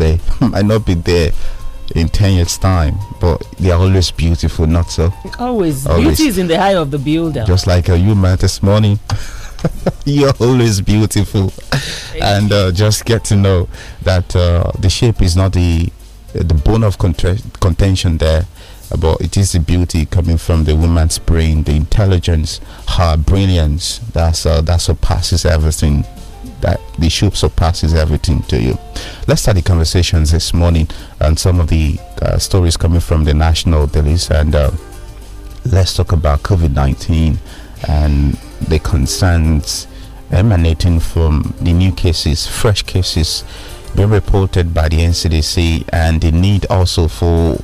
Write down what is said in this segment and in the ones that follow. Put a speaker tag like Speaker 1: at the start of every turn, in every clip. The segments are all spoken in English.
Speaker 1: today might not be there in
Speaker 2: 10 years time but they are always beautiful not so always, always. beauty is
Speaker 3: in the eye of the builder just
Speaker 2: like you met this morning you're always beautiful and uh, just get to know that uh, the shape is not the the bone of contention there but it is the beauty coming from the woman's brain the intelligence her brilliance that's uh, that surpasses everything that the ship surpasses everything to you. Let's start the conversations this morning and some of the uh, stories coming from the national delis And uh, let's talk about COVID 19 and the concerns emanating from the new cases, fresh cases being reported by the NCDC, and the need also for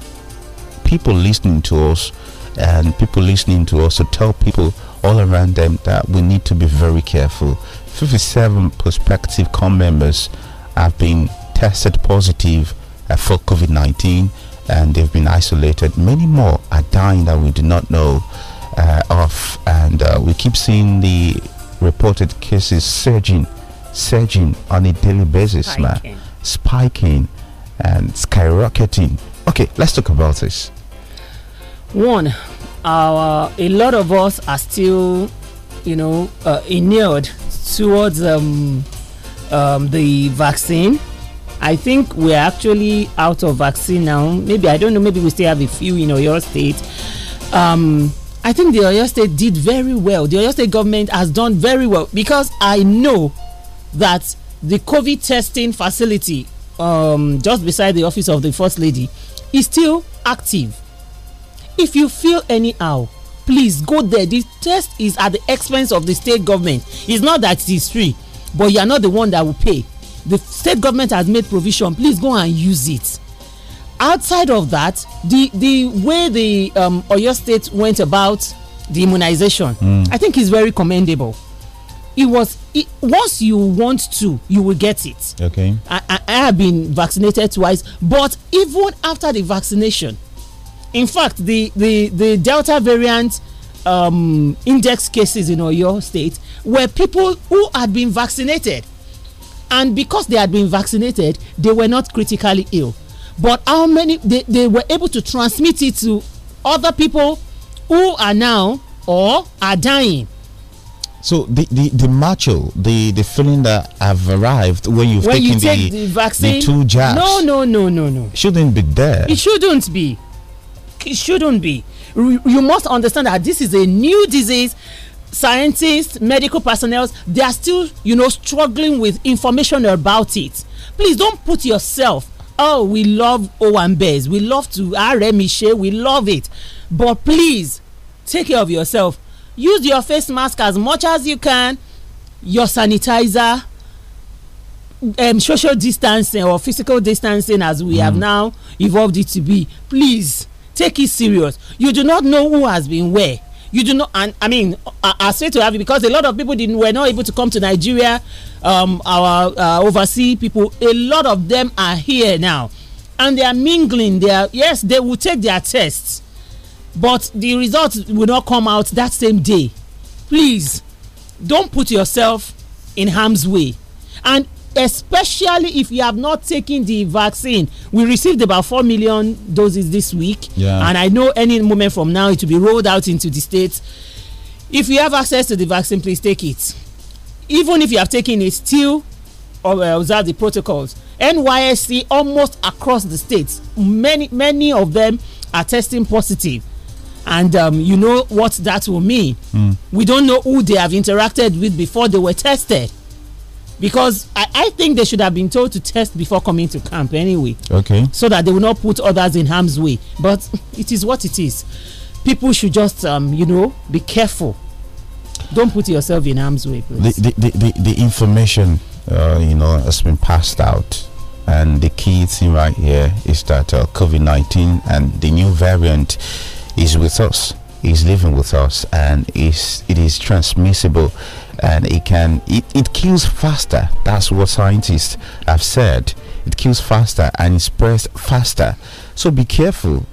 Speaker 2: people listening to us and people listening to us to tell people all around them that we need to be very careful 57 prospective COM members have been tested positive uh, for COVID 19 and they've been isolated. Many more are dying that we do not know uh, of, and uh, we keep seeing the reported cases surging, surging on a daily basis, spiking. man, spiking and skyrocketing. Okay, let's talk about this.
Speaker 3: One, our a lot of us are still, you know, uh, inured towards um, um, the vaccine. I think we're actually out of vaccine now. Maybe I don't know. Maybe we still have a few in Oyo State. Um, I think the Oyo State did very well. The Oyo State government has done very well because I know that the COVID testing facility um, just beside the office of the First Lady is still active. If you feel anyhow, please go there the test is at the expense of the state government it's not that it is free but you are not the one that will pay the state government has made provision please go and use it outside of that the the way the um, oyo state went about the immunization mm. i think is very commendable it was it, once you want to you will get it okay I, I, I have been vaccinated twice but even after the vaccination in fact, the the the Delta variant um, index cases in Oyo State were people who had been vaccinated, and because they had been vaccinated, they were not critically ill. But how many they, they were able to transmit it to other people who are now or are dying.
Speaker 2: So the the the macho, the the feeling that I've arrived when you've when taken you the, the,
Speaker 3: vaccine, the two jabs. No, no, no, no, no.
Speaker 2: Shouldn't be there. It
Speaker 3: shouldn't be. It shouldn't be. You must understand that this is a new disease. Scientists, medical personnel, they are still, you know, struggling with information about it. Please don't put yourself oh we love owambe's we love to aremise we love it but please take care of yourself use your face mask as much as you can your sanitizer um, social distancing or physical distancing as we mm. have now evolved it to be please take it serious you do not know who has been where you do not and i mean i, I say to have you because a lot of people didn't were not able to come to nigeria um, our uh, overseas people a lot of them are here now and they are mingling they are yes they will take their tests but the results will not come out that same day please don't put yourself in harm's way and especially if you have not taken the vaccine. We received about 4 million doses this week, yeah. and I know any moment from now it will be rolled out into the states. If you have access to the vaccine, please take it. Even if you have taken it, still uh, observe the protocols. NYSC almost across the states, many many of them are testing positive and um, you know what that will mean. Mm. We don't know who they have interacted with before they were tested because I, I think they should have been told to test before coming to camp anyway. Okay. So that they will not put others in harm's way. But it is what it is. People should just, um, you know, be careful. Don't put yourself in harm's way, please.
Speaker 2: The, the, the, the, the information, uh, you know, has been passed out. And the key thing right here is that uh, COVID 19 and the new variant is with us, is living with us, and is, it is transmissible and it can it, it kills faster that's what scientists have said it kills faster and it spreads faster so be careful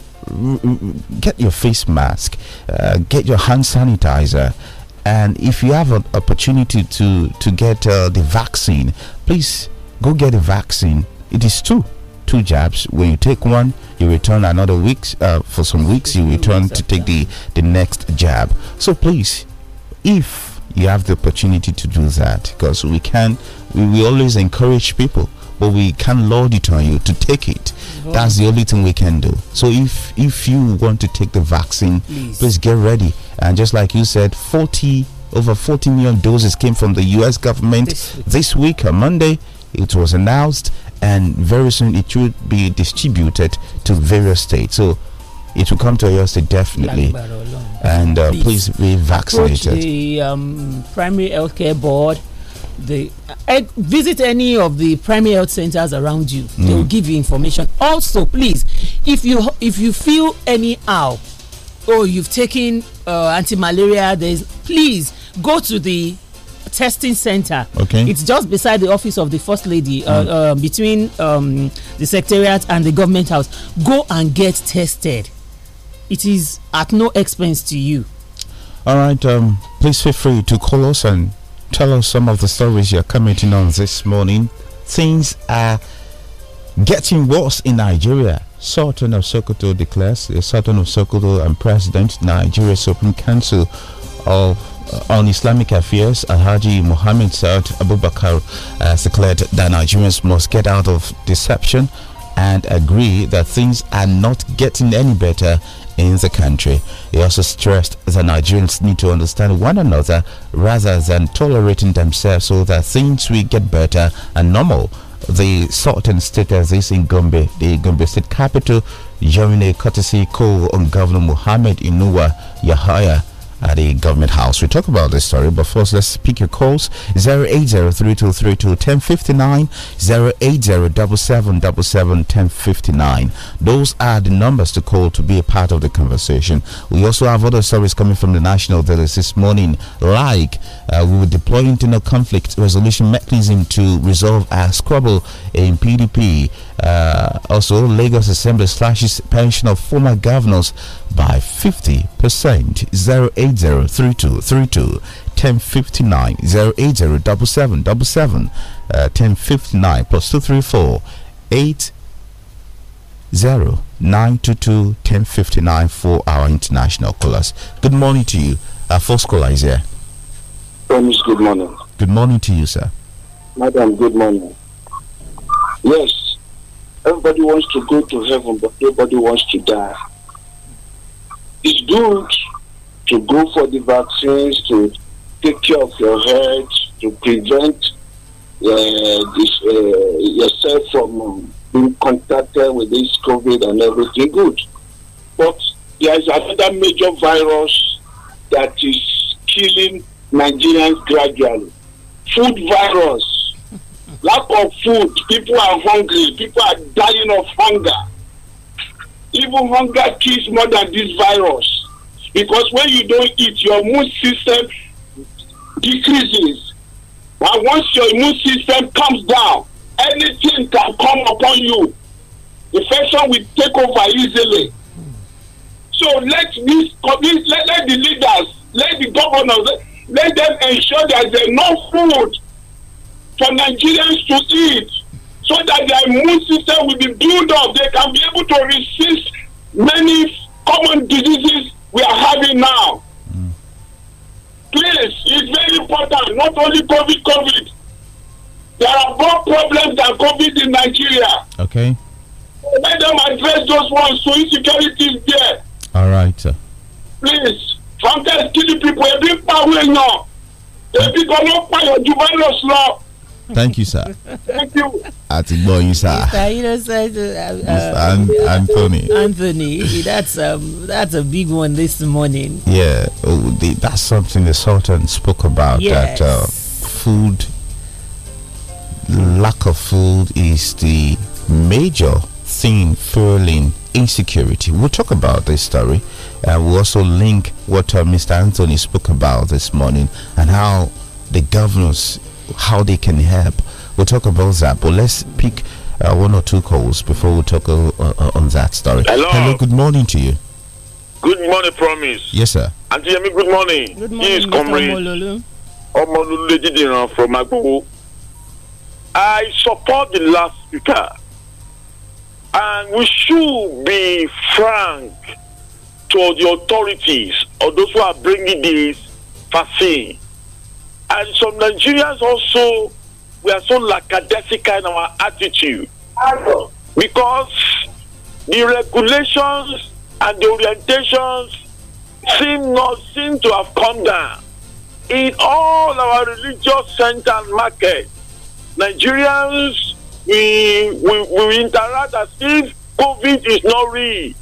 Speaker 2: get your face mask uh, get your hand sanitizer and if you have an opportunity to to get uh, the vaccine please go get a vaccine it is two two jabs when you take one you return another weeks uh, for some weeks you return to take the the next jab so please if you have the opportunity to do that because we can we, we always encourage people but we can load it on you to take it mm-hmm. that's the only thing we can do so if if you want to take the vaccine please, please get ready and just like you said 40 over 40 million doses came from the US government this week, this week on Monday it was announced and very soon it should be distributed to various states so it will come to your state definitely and uh, please, be vaccinated.
Speaker 3: The um, primary health care board, the uh, visit any of the primary health centers around you. Mm. They will mm. give you information. Also, please, if you if you feel anyhow, or oh, you've taken uh, anti-malaria, there's please go to the testing center. Okay. It's just beside the office of the first lady, uh, mm. uh, uh, between um, the secretariat and the government house. Go and get tested it is at no expense to you.
Speaker 2: All right, um, please feel free to call us and tell us some of the stories you're commenting on this morning. Things are getting worse in Nigeria. Sultan of Sokoto declares the uh, Sultan of Sokoto and President Nigeria Supreme Council of uh, on Islamic Affairs, Alhaji Muhammad Saud Abubakar has declared that Nigerians must get out of deception and agree that things are not getting any better in the country. He also stressed that Nigerians need to understand one another rather than tolerating themselves so that things will get better and normal. The Sultan status is in Gombe, the Gombe state capital, during a courtesy call on Governor Mohammed Inua Yahaya at the government house. We talk about this story, but first let's pick your calls 08032321059, 1059 Those are the numbers to call to be a part of the conversation. We also have other stories coming from the National Daily this morning, like uh, we were deploying internal conflict resolution mechanism to resolve our squabble in PDP uh, also, Lagos Assembly slashes pension of former governors by 50%. 0803232 1059 807 uh, 1059 plus 234 8 0922 1059 for our international callers. Good morning to you. Our first caller is here.
Speaker 1: good morning.
Speaker 2: Good morning to you, sir.
Speaker 1: Madam, good morning. Yes, Everybody wants to go to heaven, but nobody wants to die. It's good to go for the vaccines, to take care of your health, to prevent uh, this, uh, yourself from being contacted with this COVID and everything good. But there is another major virus that is killing Nigerians gradually. Food virus lack of food people are hungry people are dying of hunger even hunger kills more than this virus because when you don't eat your immune system decreases and once your immune system comes down anything can come upon you infection will take over easily so let this let, let the leaders let the governors let, let them ensure there is enough food for Nigerians to eat so that their immune system will be built up. They can be able to resist many common diseases we are having now. Please, it's very important, not only COVID, COVID. There are more problems than COVID in Nigeria. Okay. Let them address those ones so insecurity is there. All right, Please, from that, kill people, every power now. Ebi kan ló pààyàn ju virus lọ
Speaker 2: thank you sir. thank you. àti gbọ́ yín sá.
Speaker 3: mr innocent uh, uh, anthony. anthony that's a um, that's a big one this morning.
Speaker 2: yeah oh, the, that's something the sultan spoke about yes. that uh, food lack of food is the major thing fueling insecurity. We'll talk about this story. Uh, we'll also link what uh, Mr. Anthony spoke about this morning and how the governors how they can help. We'll talk about that, but let's pick uh, one or two calls before we talk uh, uh, on that story. Hello. Hello, good morning to you.
Speaker 1: Good morning, Promise. Yes, sir. Auntie Yemi, good morning. Good morning, yes, Comrade. little lady, from Agbowo. I support the last speaker, and we should be frank to the authorities or those who are bringing this vaccine and some Nigerians also, we are so lackadaisical in our attitude. Because the regulations and the orientations seem not seem to have come down. In all our religious centers market, Nigerians we, we we interact as if COVID is not real.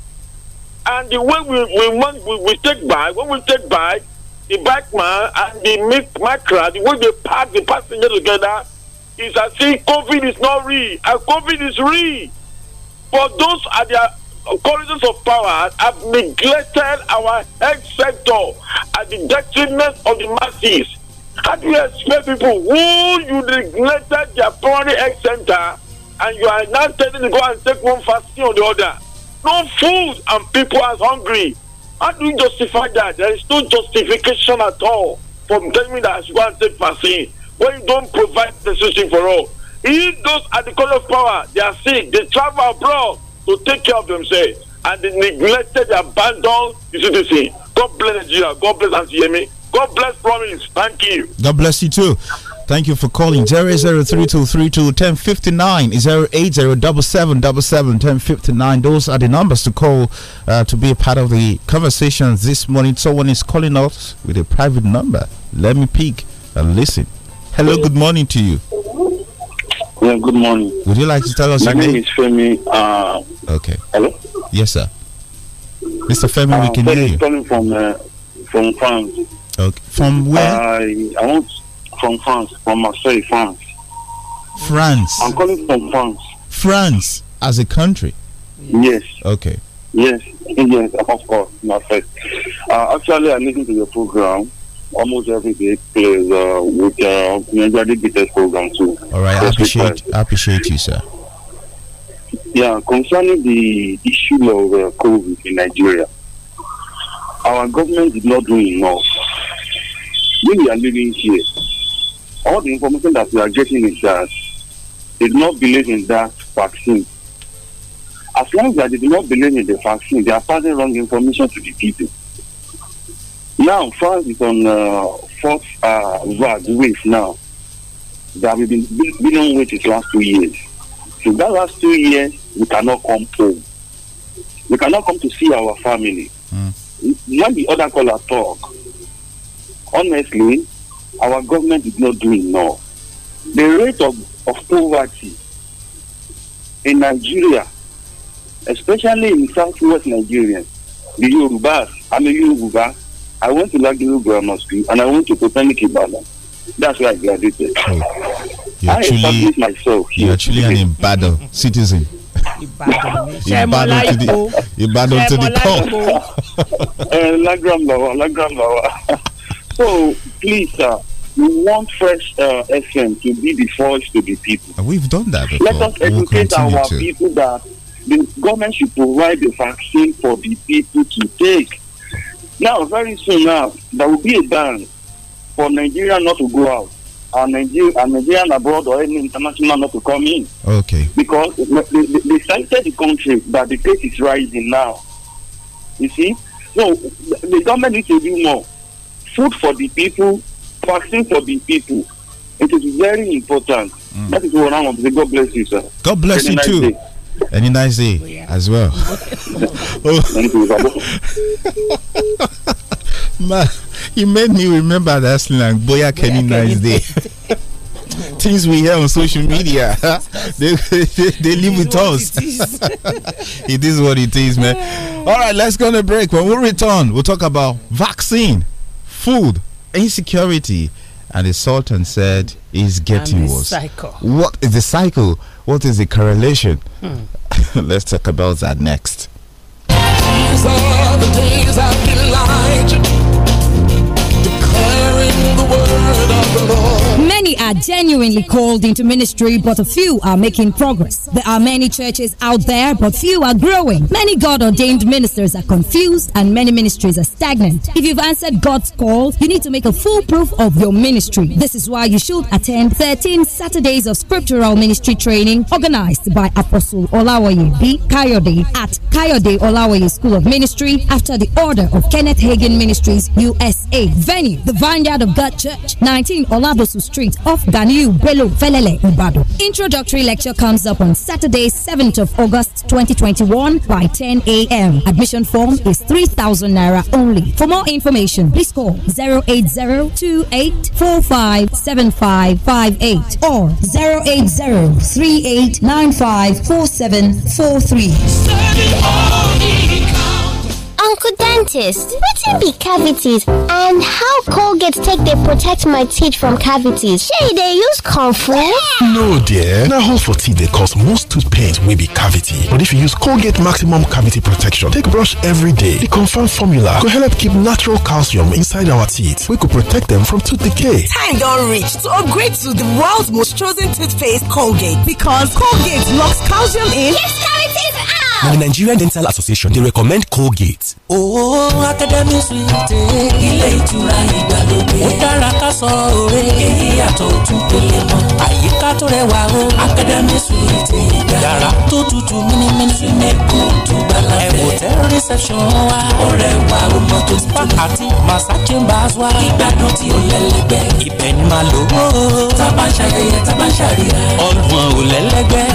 Speaker 1: And the way we we want we, we take by when we take by the backman man and the macra, the way they pack the passenger together, is as if COVID is not real. And COVID is real. But those are the corridors of power have neglected our health sector at the detriment of the masses. How do you expect people who you neglected their primary health center and you are now telling them to go and take one vaccine on the other? No food and people are hungry. How do you justify that? There is no justification at all from telling me that I should go and take vaccine when you don't provide the system for all. If those at the call of power, they are sick, they travel abroad to take care of themselves and they neglected, they abandoned the citizen. God bless Nigeria. God bless Antiemi. God bless Promise. Thank you.
Speaker 2: God bless you too. Thank you for calling 08032321059 08077771059. Those are the numbers to call uh, to be a part of the conversation this morning. Someone is calling us with a private number. Let me pick and listen. Hello, good morning to you.
Speaker 1: Yeah, good morning. Would you like to tell us? My name, name, is Femi. Uh, okay. Hello.
Speaker 2: Yes, sir. Mr. Femi, uh, we can hear you.
Speaker 1: Calling from uh, from France. Okay. From where? I want from France, from Marseille, France.
Speaker 2: France. I'm
Speaker 1: calling from France.
Speaker 2: France as a country. Yes. Okay.
Speaker 1: Yes, yes, of course, Marseille. Uh, actually, I listen to your program almost every day Please, uh, with uh, majorly program too.
Speaker 2: All right, I appreciate, I appreciate you, sir.
Speaker 1: Yeah, concerning the issue of uh, COVID in Nigeria, our government did not do enough. We are living here all the information that we are getting is that they do not believe in that vaccine. As long as they do not believe in the vaccine, they are passing wrong information to the people. Now, France is on uh, fourth uh, rag wave now that we've been dealing with it last two years. So that last two years, we cannot come home. We cannot come to see our family. Mm. When the other caller talk, honestly, our government is not doing enough. The rate of, of poverty in Nigeria, especially in southwest Nigeria, the Yoruba, I'm a Yoruba. I went to Lagos Grammar School and I went to Botanic Ibadan. That's where I graduated. Oh. You're I actually, myself.
Speaker 2: You're actually an embattled citizen.
Speaker 1: embattled to
Speaker 2: the Ibadan
Speaker 4: to the core.
Speaker 1: Eh, Lagram Lawa, Lagram Lawa. So please, sir, we want Fresh uh, FM to be the voice to the people. And uh,
Speaker 2: we've done that before. Let
Speaker 1: us we'll educate our to. people that the government should provide the vaccine for the people to take. Now, very soon now, there will be a ban for Nigeria not to go out and Nigerian, and Nigerian abroad or any international not to come in. Okay. Because they, they, they cited the country that the case is rising now. You see? So the government needs to do more. Food for the people, Vaccine for the people. It is very important. Mm. That is what I want to say. God bless you, sir. God bless Any you nice too. Day.
Speaker 2: Any nice day oh, yeah. as well. Oh. Man, you made me remember that slang. Boya, Boya any nice day. Things we hear on social media, they, they, they live with us. It is. it is what it is, man. All right, let's go on a break. When we return, we'll talk about vaccine, food, insecurity. And the Sultan said, "Is getting worse. Cycle. What is the cycle? What is the correlation? Hmm. Let's talk about that next.
Speaker 5: Many are genuinely called into ministry, but a few are making progress. There are many churches out there, but few are growing. Many God ordained ministers are confused, and many ministries are stagnant. If you've answered God's call, you need to make a full proof of your ministry. This is why you should attend 13 Saturdays of scriptural ministry training organized by Apostle Olawaye B. Kayode at Kayode Olawaye School of Ministry after the order of Kenneth Hagen Ministries USA. Venue, the Vineyard of God Church, 19 Olabosu Street. Street off Ganiu Bello, Felele, Ubado. Introductory lecture comes up on Saturday, 7th of August 2021 by 10 a.m. Admission form is 3,000 naira only. For more information, please call 08028457558 or 08038954743. Uncle Dentist, can be cavities and how Colgate
Speaker 4: take they protect my teeth from cavities? Shey they use comfort?
Speaker 6: No dear, Now, hold for teeth they cause most tooth pains will be cavity. But if you use Colgate maximum cavity protection take brush every day, the confirmed formula go help keep natural calcium inside our teeth We could protect them from tooth decay.
Speaker 7: Time don't reach to upgrade to the world's most chosen toothpaste Colgate because Colgate locks calcium in. Yes,
Speaker 4: cavities
Speaker 8: out! Now the Nigerian Dental Association they recommend Colgate.
Speaker 4: Oo oh, Akademi Suite. Ilé ìtura ìgbàlódé. Ó dára ká sọ òwe. Èyí yàtọ̀ ojú pele mọ́. Àyíká tó rẹwà o. Akademi Suite Yàrá tó tutù mímímí. Súnmẹ́kù tó gbàlá fẹ́. Ẹ̀wò tẹ́ reception wa. Ọ̀rẹ́ wa ó mọ tó ti tó. Àti Massa Chambers wa. Ìgbádùn tí ó lẹ́lẹ́gbẹ́. Ibẹ̀ ni màá lò ó. Tábà ń ṣayẹyẹ, tábà ń Ọgbọ̀n ò lẹ́lẹ́gbẹ́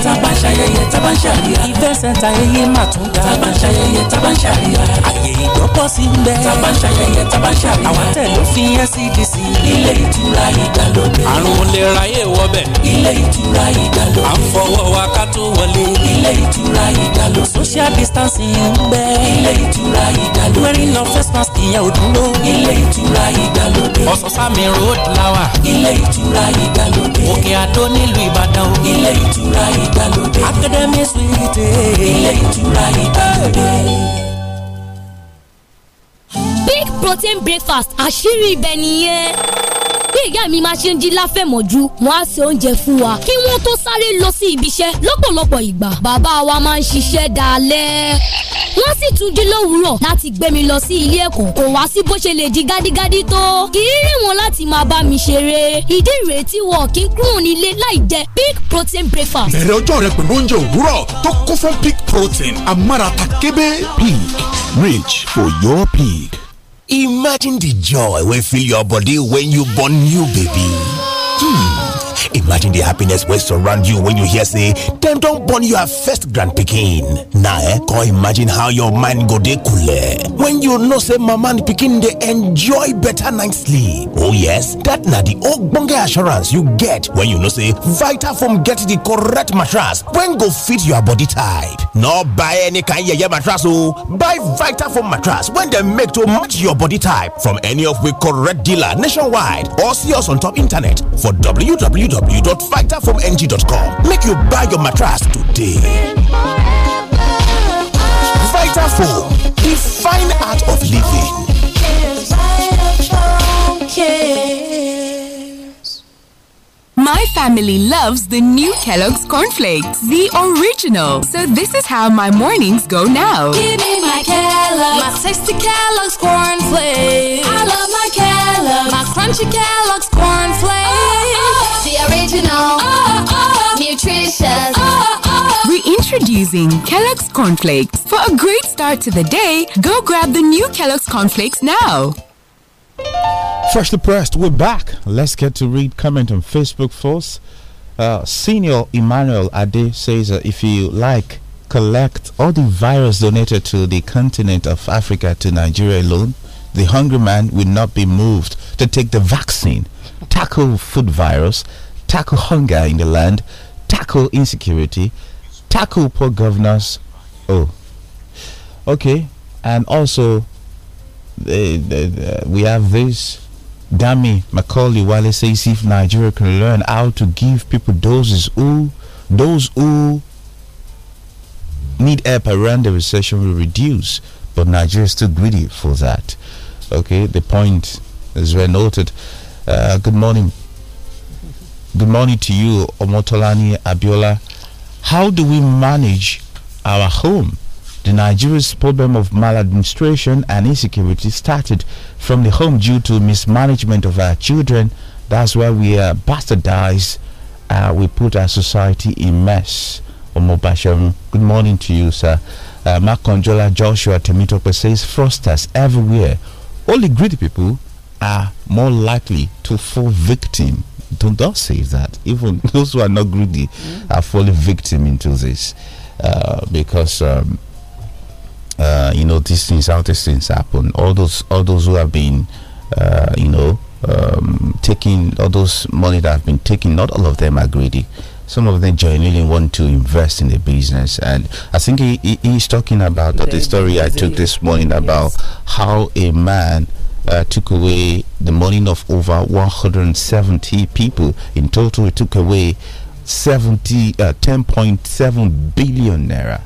Speaker 4: ààyè ìgbọ́pọ̀ sí ń bẹ́ẹ̀. tábà ń ṣayẹyẹ tábà ń ṣàríyá. àwọn tẹ̀ ló fi NCDC.
Speaker 9: E ilé ìtura ìgbàlódé. àrùn olè ráyè wọbẹ̀. ilé ìtura ìgbàlódé. à ń fọwọ́ wa ká tó wọlé. ilé ìtura
Speaker 4: ìgbàlódé. social distancing ń bẹ́ẹ̀. ilé ìtura ìgbàlódé. wearing of face mask ìyẹn ò dúró. ilé ìtura ìgbàlódé. ọ̀sán-sámi road lawa. ilé ìtura ìgbàlódé. òkè àdó nílùú ìbàdàn. ilé
Speaker 9: ìtura ìgbàlódé. academy suite. ilé ìtura ìgbàlódé
Speaker 5: protein breakfast àṣírí ibẹ̀ nìyẹn bí ìyá mi máa ṣe ń jí láfẹ̀mọ́jú wọ́n á ṣe oúnjẹ fún wa kí wọ́n tó sáré lọ sí ibi iṣẹ́ lọ́pọ̀lọpọ̀ ìgbà bàbá wa máa ń ṣiṣẹ́ dalẹ́ wọ́n sì tún dín lówùúrọ̀ láti gbé mi lọ sí ilé ẹ̀kọ́ kò wá sí bó ṣe lè di gádígádí tó kì í rí wọn láti máa bá mi ṣeré ìdí ìrètí wọn kì í kúrò nílé láì jẹ big protein
Speaker 6: breakfast. bẹ̀rẹ̀ ọjọ́ rẹ pẹ̀lú oúnjẹ òwúrọ̀ tó kún fún big protein amárata kébé. big reach for your pig. imagine the joy will fill your body
Speaker 8: when you born new baby. Hmm. Imagine the happiness wey surround you when you hear say dem don born your first grand picking." Now, eh, Go imagine how your mind go dey coole
Speaker 10: when you know say mama and picking," they enjoy better night
Speaker 8: sleep. Oh yes, that na the old ogbonge assurance you get when you know say Vitafoam get the correct mattress when go fit your body type. No buy any kind of your mattress oh. buy Vitafoam mattress when they make to match your body type from any of we correct dealer
Speaker 6: nationwide or see us on top internet for www www.vitafoamng.com. Make
Speaker 8: you buy your mattress today. Vitafoam, the fine art of living.
Speaker 7: My family loves the new Kellogg's cornflakes, the original. So this is how my mornings go now. Give me my Kellogg's, my
Speaker 4: tasty Kellogg's cornflakes. I love my Kellogg's Kellogg's. My crunchy Kellogg's corn flakes. Oh, oh. The original. Oh, Nutritious.
Speaker 7: Reintroducing Kellogg's corn flakes. For a great start to the day, go grab the new Kellogg's corn flakes now.
Speaker 2: Freshly pressed, we're back. Let's get to read comment on Facebook first. Uh, Senior Emmanuel Ade says, uh, if you like, collect all the virus donated to the continent of Africa to Nigeria alone the hungry man will not be moved to take the vaccine, tackle food virus, tackle hunger in the land, tackle insecurity, tackle poor governors. Oh, okay. And also, the, the, the, we have this. Dami Macaulay Wale says if Nigeria can learn how to give people doses who those who need help around the recession will reduce, but Nigeria is too greedy for that. Okay, the point is well noted. Uh, good morning. Good morning to you, Omotolani Abiola. How do we manage our home? The Nigeria's problem of maladministration and insecurity started from the home due to mismanagement of our children. That's why we are bastardized. Uh, we put our society in mess. Omobasham, good morning to you, sir. Uh, Mark Conjola Joshua Temitope says, Frosters everywhere only greedy people are more likely to fall victim. Don't, don't say that. Even those who are not greedy mm. are falling victim into this uh, because. Um, uh, you know these things how these things happen all those all those who have been uh, you know um, taking all those money that have been taken not all of them are greedy some of them genuinely want to invest in the business. And I think he, he he's talking about the, story I took this morning about yes. how a man uh, took away the money of over 170 people. In total, He took away 70, uh, 10.7 billion naira.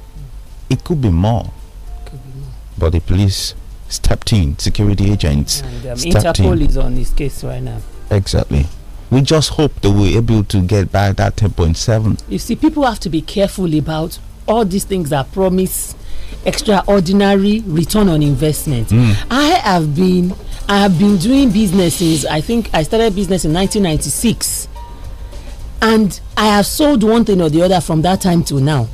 Speaker 2: It could be more. But the police stepped in, security agents. And um, Interpol in.
Speaker 3: is on this case right now.
Speaker 2: Exactly we just hope that we're able to get back that 10.7.
Speaker 3: You see, people have to be careful about all these things that promise extraordinary return on investment. Mm. I have been I have been doing businesses. I think I started business in 1996, and I have sold one thing or the other from that time to now.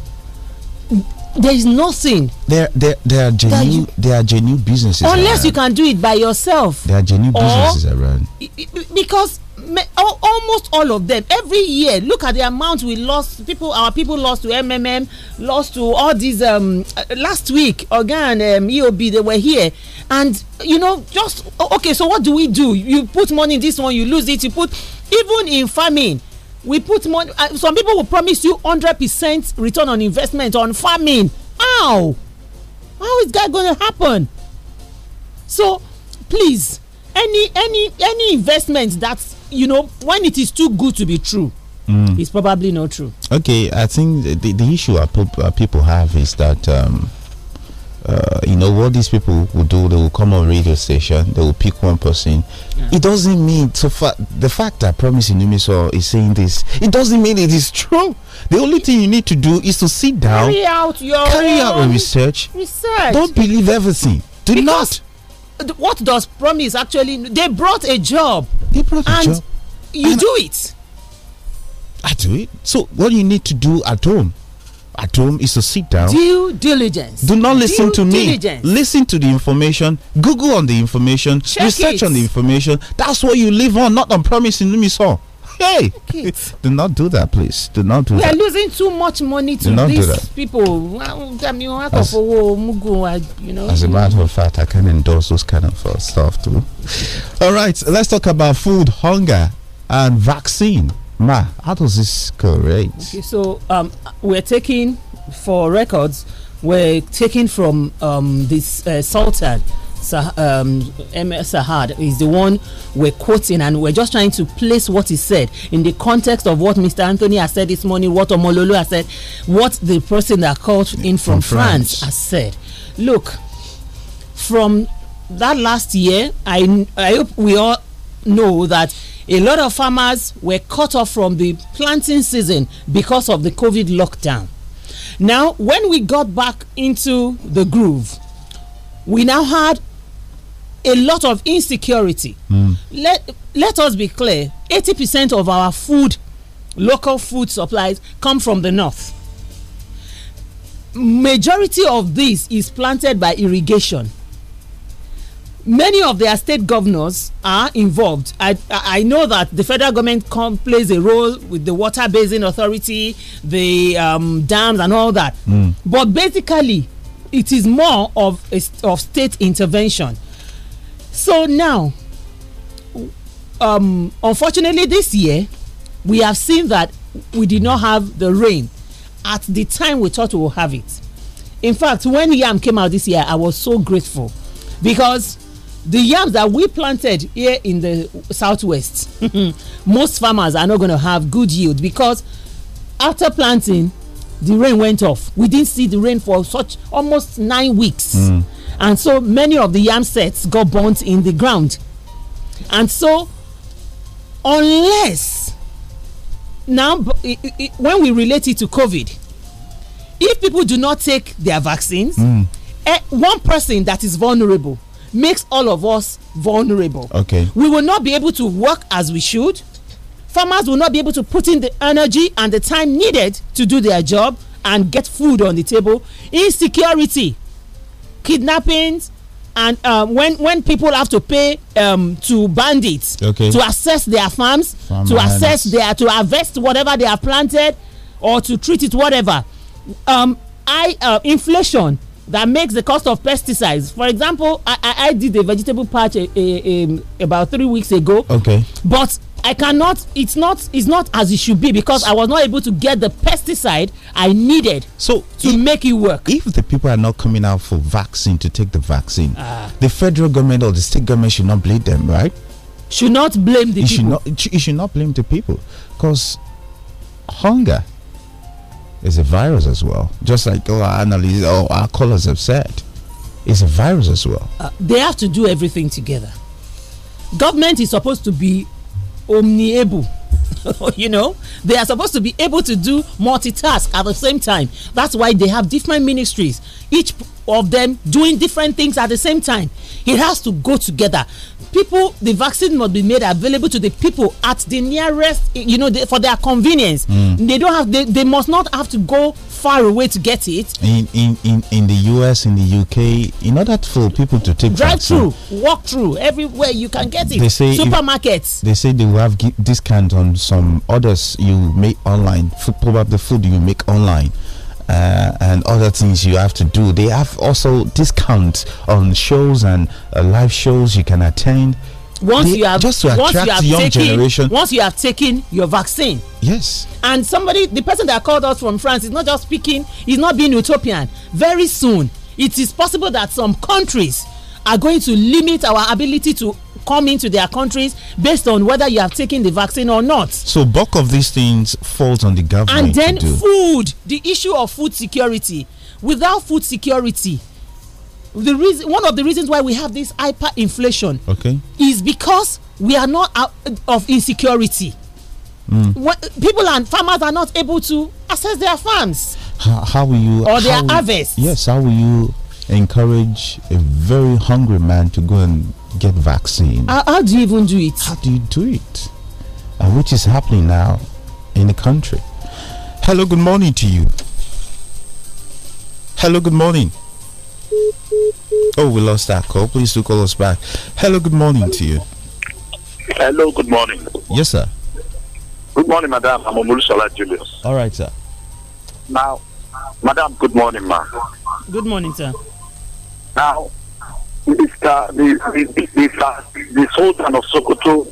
Speaker 3: There is nothing.
Speaker 2: There, there, there are genuine, you, there are genuine businesses. Unless around.
Speaker 3: you can do it by yourself.
Speaker 2: There are genuine businesses around.
Speaker 3: Because almost all of them every year look at the amount we lost people our people lost to mmm lost to all these um, uh, last week again, um, eob they were here and you know just okay so what do we do you put money in this one you lose it you put even in farming we put money uh, some people will promise you 100 percent return on investment on farming how how is that going to happen so please any any any investment that's you know, when it is too good to be true, mm. it's probably not true.
Speaker 2: Okay, I think the, the issue our, people have is that. Um, uh, you know what these people will do they will come on radio station they will pick one person yeah. it doesn't mean so far the fact that promise inumiso is saying this it doesn't mean it is true the only thing you need to do is to sit down carry
Speaker 3: out your carry out a research research don't believe everything do because, what does promise actually they brought a job they brought a job you and do it i do it so what you need to
Speaker 2: do at home at home is to sit down
Speaker 3: due diligence do not listen due to diligence.
Speaker 2: me listen to the information google on the information Check research it. on the information that's what you live on not on promising me so hey, do not do that, please. Do not do we that. We are losing
Speaker 3: too much money to these people. I mean, as, you know. As a
Speaker 2: matter of fact, I can endorse those kind of uh, stuff too. All right, let's talk about food, hunger, and vaccine. Ma, how does this correlate?
Speaker 3: Okay, so um, we're taking for records. We're taking from um, this uh, Sultan Sah um, Sahad is the one we're quoting, and we're just trying to place what he said in the context of what Mr. Anthony has said this morning, what Omololu has said, what the person that called in from, from France. France has said. Look, from that last year, I, I hope we all know that a lot of farmers were cut off from the planting season because of the COVID lockdown. Now, when we got back into the groove, we now had a lot of insecurity. Mm. Let, let us be clear 80% of our food, local food supplies, come from the north. Majority of this is planted by irrigation. Many of their state governors are involved. I, I know that the federal government come, plays a role with the water basin authority, the um, dams, and all that. Mm. But basically, it is more of, a, of state intervention so now, um, unfortunately, this year we have seen that we did not have the rain at the time we thought we would have it. In fact, when yam came out this year, I was so grateful because the yams that we planted here in the southwest, most farmers are not going to have good yield because after planting, the rain went off. We didn't see the rain for such almost nine weeks. Mm. And so many of the yam sets got burnt in the ground. And so, unless now, when we relate it to COVID, if people do not take their vaccines, mm. one person that is vulnerable makes all of us vulnerable. Okay. We will not be able to work as we should. Farmers will not be able to put in the energy and the time needed to do their job and get food on the table. Insecurity kidnappings and um, when when people have to pay um, to bandits okay. to access their farms, Farm to access their to harvest whatever they have planted, or to treat it whatever. Um, I uh, inflation that makes the cost of pesticides. For example, I I, I did a vegetable patch a, a, a, about three weeks ago. Okay. But I cannot. It's not. It's not as it should be because I was not able to get the pesticide I needed. So to if, make it work. If
Speaker 2: the people are not coming out for vaccine to take the vaccine, ah. the federal government or the state government should not blame them, right? Should not blame the it people. Should not, it should not blame the people because hunger is a virus as well. Just like oh, our analysts, all oh, our callers have said, it's a virus as well.
Speaker 3: Uh, they have to do everything together. Government is supposed to be omni-able. you know, they are supposed to be able to do multitask at the same time. That's why they have different ministries, each of them doing different things at the same time. It has to go together people the vaccine must be made available to the people at the nearest you know the, for their convenience mm. they don't have they, they must not have to go far away to get it
Speaker 2: in in in, in the us in the uk in order for people to take drive vaccine,
Speaker 3: through walk through everywhere you can get it they say supermarkets
Speaker 2: they say they will have discount on some orders you make online probably the food you make online uh, and other things you have to do. They have also discounts on shows and uh, live shows you can attend.
Speaker 3: Once they, you have just to attract once you have young taken, generation. Once you have taken your vaccine. Yes. And somebody, the person that called us from France, is not just speaking. He's not being utopian. Very soon, it is possible that some countries are going to limit our ability to come into their countries based on whether you have taken the vaccine or not.
Speaker 2: So bulk of these things falls on the government. And then
Speaker 3: food, the issue of food security. Without food security, the reason one of the reasons why we have this hyperinflation okay. is because we are not out of insecurity. Mm. What, people and farmers are not able to access their farms.
Speaker 2: How, how will you? Or their harvest. Yes, how will you encourage a very hungry man to go and get vaccine.
Speaker 3: How, how do you even do it? How do you do
Speaker 11: it?
Speaker 2: Uh, which is happening now in the country. Hello, good morning to you. Hello, good morning. Oh, we lost that call. Please do call us back. Hello, good morning to you.
Speaker 1: Hello, good morning. Yes, sir. Good morning, madam. I'm Omolusola Julius. All right, sir. Now, madam, good morning, ma.
Speaker 3: Good morning, sir.
Speaker 1: Now, Mr. The, the, the, the Sultan of Sokoto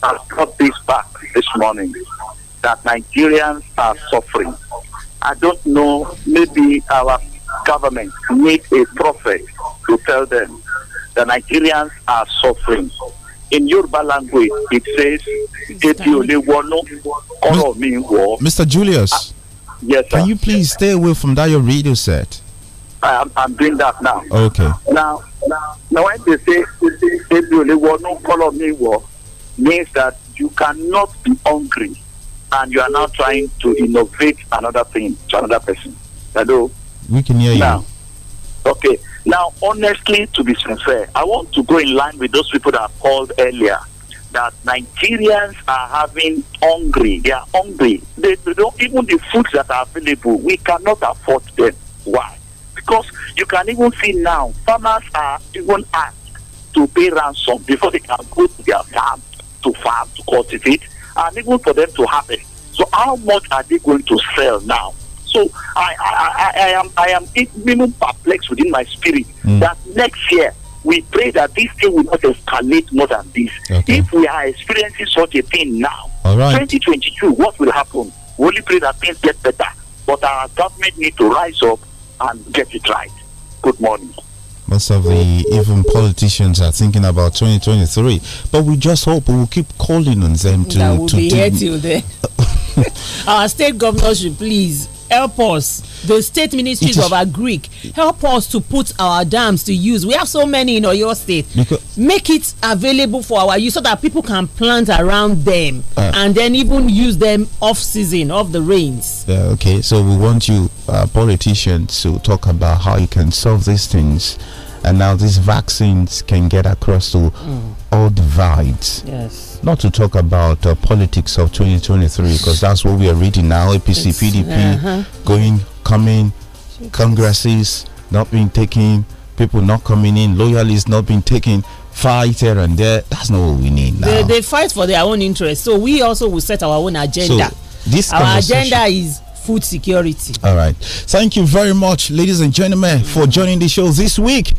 Speaker 1: has brought this back this morning that Nigerians are suffering. I don't know, maybe our government needs a prophet to tell them the Nigerians are suffering. In Yoruba language, it says,
Speaker 2: Mr. Julius, uh, yes, sir. can you please stay away from that your radio set?
Speaker 1: I'm, I'm doing that now. Okay. Now, now, now when they say if you only want no color me war, means that you cannot be hungry and you are now trying to innovate another thing to another person. Hello? We can hear you now, Okay. Now, honestly, to be sincere, I want to go in line with those people that I called earlier that Nigerians are having hungry. They are hungry. They, they don't even the foods that are available. We cannot afford them. Why? because you can even see now farmers are even asked to pay ransom before they can go to their farm to farm to cultivate and even for them to happen. So how much are they going to sell now? So I I, I, I am I am even perplexed within my spirit mm. that next year we pray that this thing will not escalate more than this. Okay. If we are experiencing such a thing now, right. 2022, what will happen? We only pray that things get better, but our government need to rise up and get it right. Good morning.
Speaker 2: Most of the even politicians are thinking about 2023, but we just hope we will keep calling on them to. That will to be here till then.
Speaker 3: Our state governors should please help us the state ministries of our greek help us to put our dams to use we have so many in oyo state because make it available for our use so that people can plant around them uh, and then even use them off season of the rains
Speaker 2: uh, okay so we want you uh, politicians to talk about how you can solve these things and now these vaccines can get across to mm. all divides yes not to talk about uh, politics of 2023 because that's what we are reading now apc it's, pdp uh -huh. going coming congresses not being taken people not coming in loyalists not being taken fight here and there that's not what we need now they,
Speaker 3: they fight for their own interest so we also will set our own agenda so this our agenda is food security
Speaker 2: all right thank you very much ladies and gentlemen for joining the show this week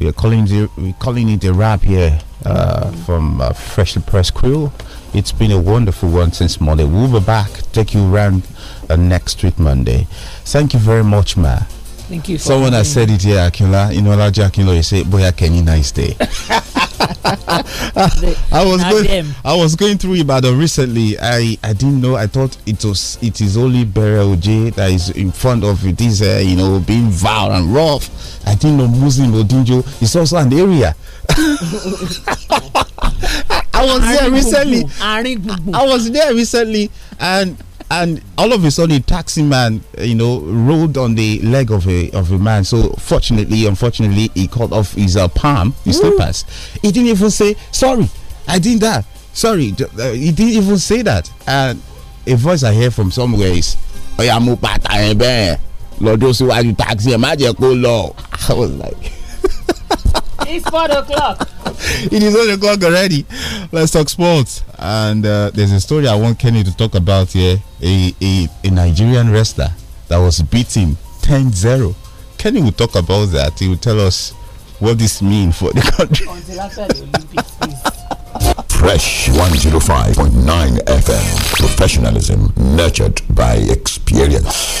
Speaker 2: we are calling the we're calling it a wrap here uh, from uh, Freshly Pressed Crew. It's been a wonderful one since Monday. We'll be back, take you around uh, next week, Monday. Thank you very much, Ma.
Speaker 3: Thank you. Someone has said
Speaker 2: it here, Akinla. know, Olaji Akinlo, you say, "Boya Kenina is there." I was going. I was going through Ibadan recently. I I didn't know. I thought it was it is only Bere Oje that is in front of this. Uh, you know, being vile and rough. I didn't know Muslim Odinjo is also an area.
Speaker 8: I was there recently.
Speaker 4: I
Speaker 2: was there recently, and and all of a sudden a taxi man uh, you know rolled on the leg of a of a man so fortunately unfortunately he cut off his uh, palm his stopped slippers he didn't even say sorry i did that sorry uh, he didn't even say that and a voice i hear from somewhere is oya mo pata ẹ bẹẹ lọdọ síwájú taxi ẹ má i was like.
Speaker 4: It's four o'clock.
Speaker 2: It is eight o'clock already. Let's talk sports. And uh, there's a story I want Kenny to talk about here. A, a, a Nigerian wrestler that was beaten 10 0. Kenny will talk about that. He will tell us what this means for the country. Fresh 105.9 FM. Professionalism nurtured by experience.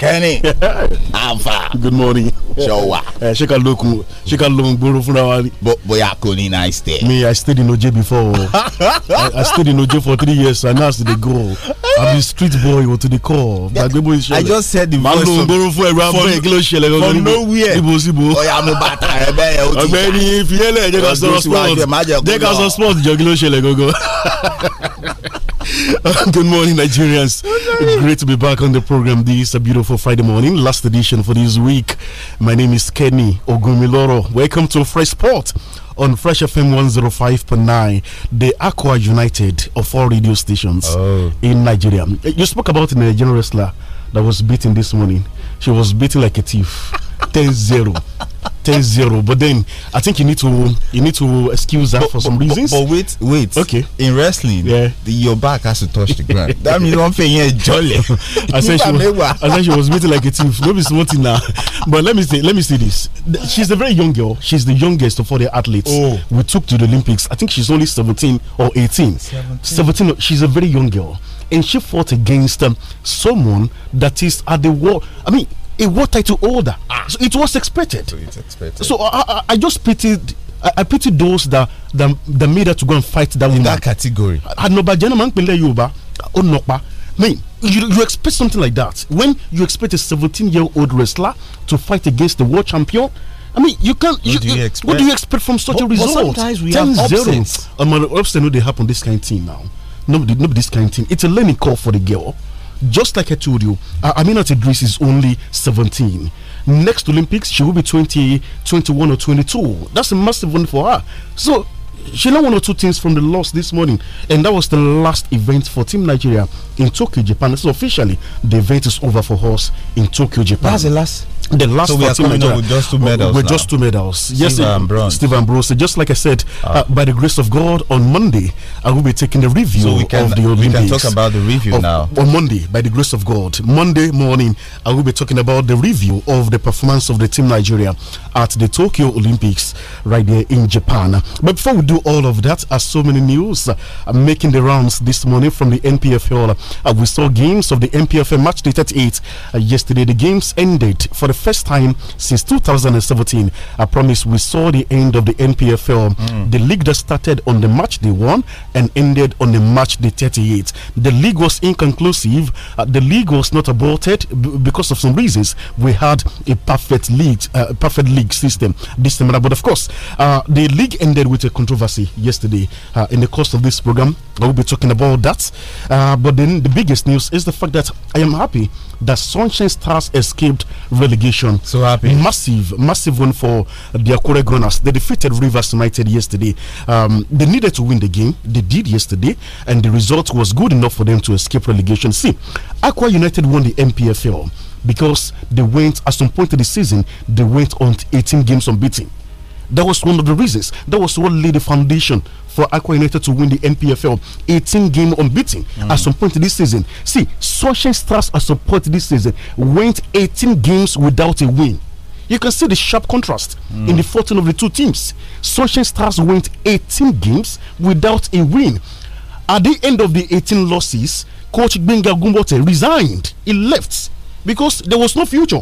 Speaker 6: Kenny Alpha. Good morning. Showa. Ẹ eh, ṣé ká lókun ṣé ká lóhun gbóró fúnra wa rí. Bóyá kò ní nice stay. Me I stayed in Oje before oh. I stayed in Oje for three years and now I still dey go. I be street boy o to the call.
Speaker 1: Gbàgbé bó ṣẹlẹ̀. I just said the voice from. Màá lóhun gbóró fún ẹ̀rọ abẹ́rẹ́ kí ló ṣẹlẹ̀ gangan níbo. From nowhere. Níbo síbo. Ọ̀yà mo bàtà rẹ bẹ́ẹ̀ yẹn o ti. Ọ̀gbẹ́ni fiyẹ́lẹ̀ jẹ́ ká sọ sport jẹ́ ká sọ
Speaker 6: sport jọ kí ló ṣẹlẹ̀ gangan. Good morning, Nigerians. It's great to be back on the program. This is a beautiful Friday morning, last edition for this week. My name is Kenny Ogumiloro. Welcome to Fresh Sport on Fresh FM 105.9, the Aqua United of all radio stations oh. in Nigeria. You spoke about a Nigerian wrestler that was beaten this morning. She was beaten like a thief. 10 0. 10 0. But then I think you need to you need to excuse that but, for some but, reasons. But wait, wait. Okay. In wrestling, yeah. The, your back has to touch the ground. that means one thing here jolly. I said she was, I said she was meeting like a thief. Maybe it's wanting now. But let me say let me say this. She's a very young girl. She's the youngest of all the athletes oh. we took to the Olympics. I think she's only 17 or 18. 17. 17 she's a very young girl and she fought against um, someone that is at the war. I mean, a world title holder. Ah. So it was expected. So, expected. so I, I, I, just pitied. I, I pity those that, that that made her to go and fight that in that category. Anoba gentleman pinle yoba onopa. mean, you, you expect something like that when you expect a 17 year old wrestler to fight against the world champion. I mean, you can't. What, you, do, you expect? what do you expect from such but, a result? sometimes we 10 have upsets. I'm upset. No, they happen this kind of thing now. Nobody, nobody, this kind of thing. It's a learning curve for the girl just like I told you, uh, Aminat Idris is only 17. Next Olympics, she will be 20, 21 or 22. That's a massive one for her. So she learned one or two things from the loss this morning, and that was the last event for Team Nigeria in Tokyo, Japan. So officially, the event is over for us in Tokyo, Japan. That's the last the last so we are coming Nigeria, up with just two medals. With now. just two medals. Yes, Stephen Ambrose. Steve Ambrose. Just like I said, ah. uh, by the grace of God, on Monday I will be taking the review so we can, of the Olympics. We can talk about the review of, now. On Monday, by the grace of God, Monday morning I will be talking about the review of the performance of the team Nigeria at the Tokyo Olympics right there in Japan. But before we do all of that, as so many news uh, making the rounds this morning from the NPFL. Uh, we saw games of the NPFL match day 38 uh, yesterday. The games ended for the first time since 2017. I promise we saw the end of the NPFL, mm. the league that started on the match day one and ended on the match day 38. The league was inconclusive. Uh, the league was not aborted because of some reasons. We had a perfect league, uh, perfect league system this time, but of course, uh, the league ended with a controversy yesterday uh, in the course of this program. We'll be talking about that. Uh, but then the biggest news is the fact that I am happy that Sunshine Stars escaped relegation. So happy. Massive, massive win for the Akure Gunners. They defeated Rivers United yesterday. Um, they needed to win the game. They did yesterday, and the result was good enough for them to escape relegation. See, Aqua United won the MPFL because they went, at some point in the season, they went on 18 games unbeaten. That was one of the reasons. That was what laid the foundation for Aqua United to win the NPFL. 18 game unbeaten mm. at some point this season. See, Solskjaer Stars at some point this season went 18 games without a win. You can see the sharp contrast mm. in the 14 of the two teams. Solskjaer Stars went 18 games without a win. At the end of the 18 losses, coach Benga Gumbote resigned. He left because there was no future.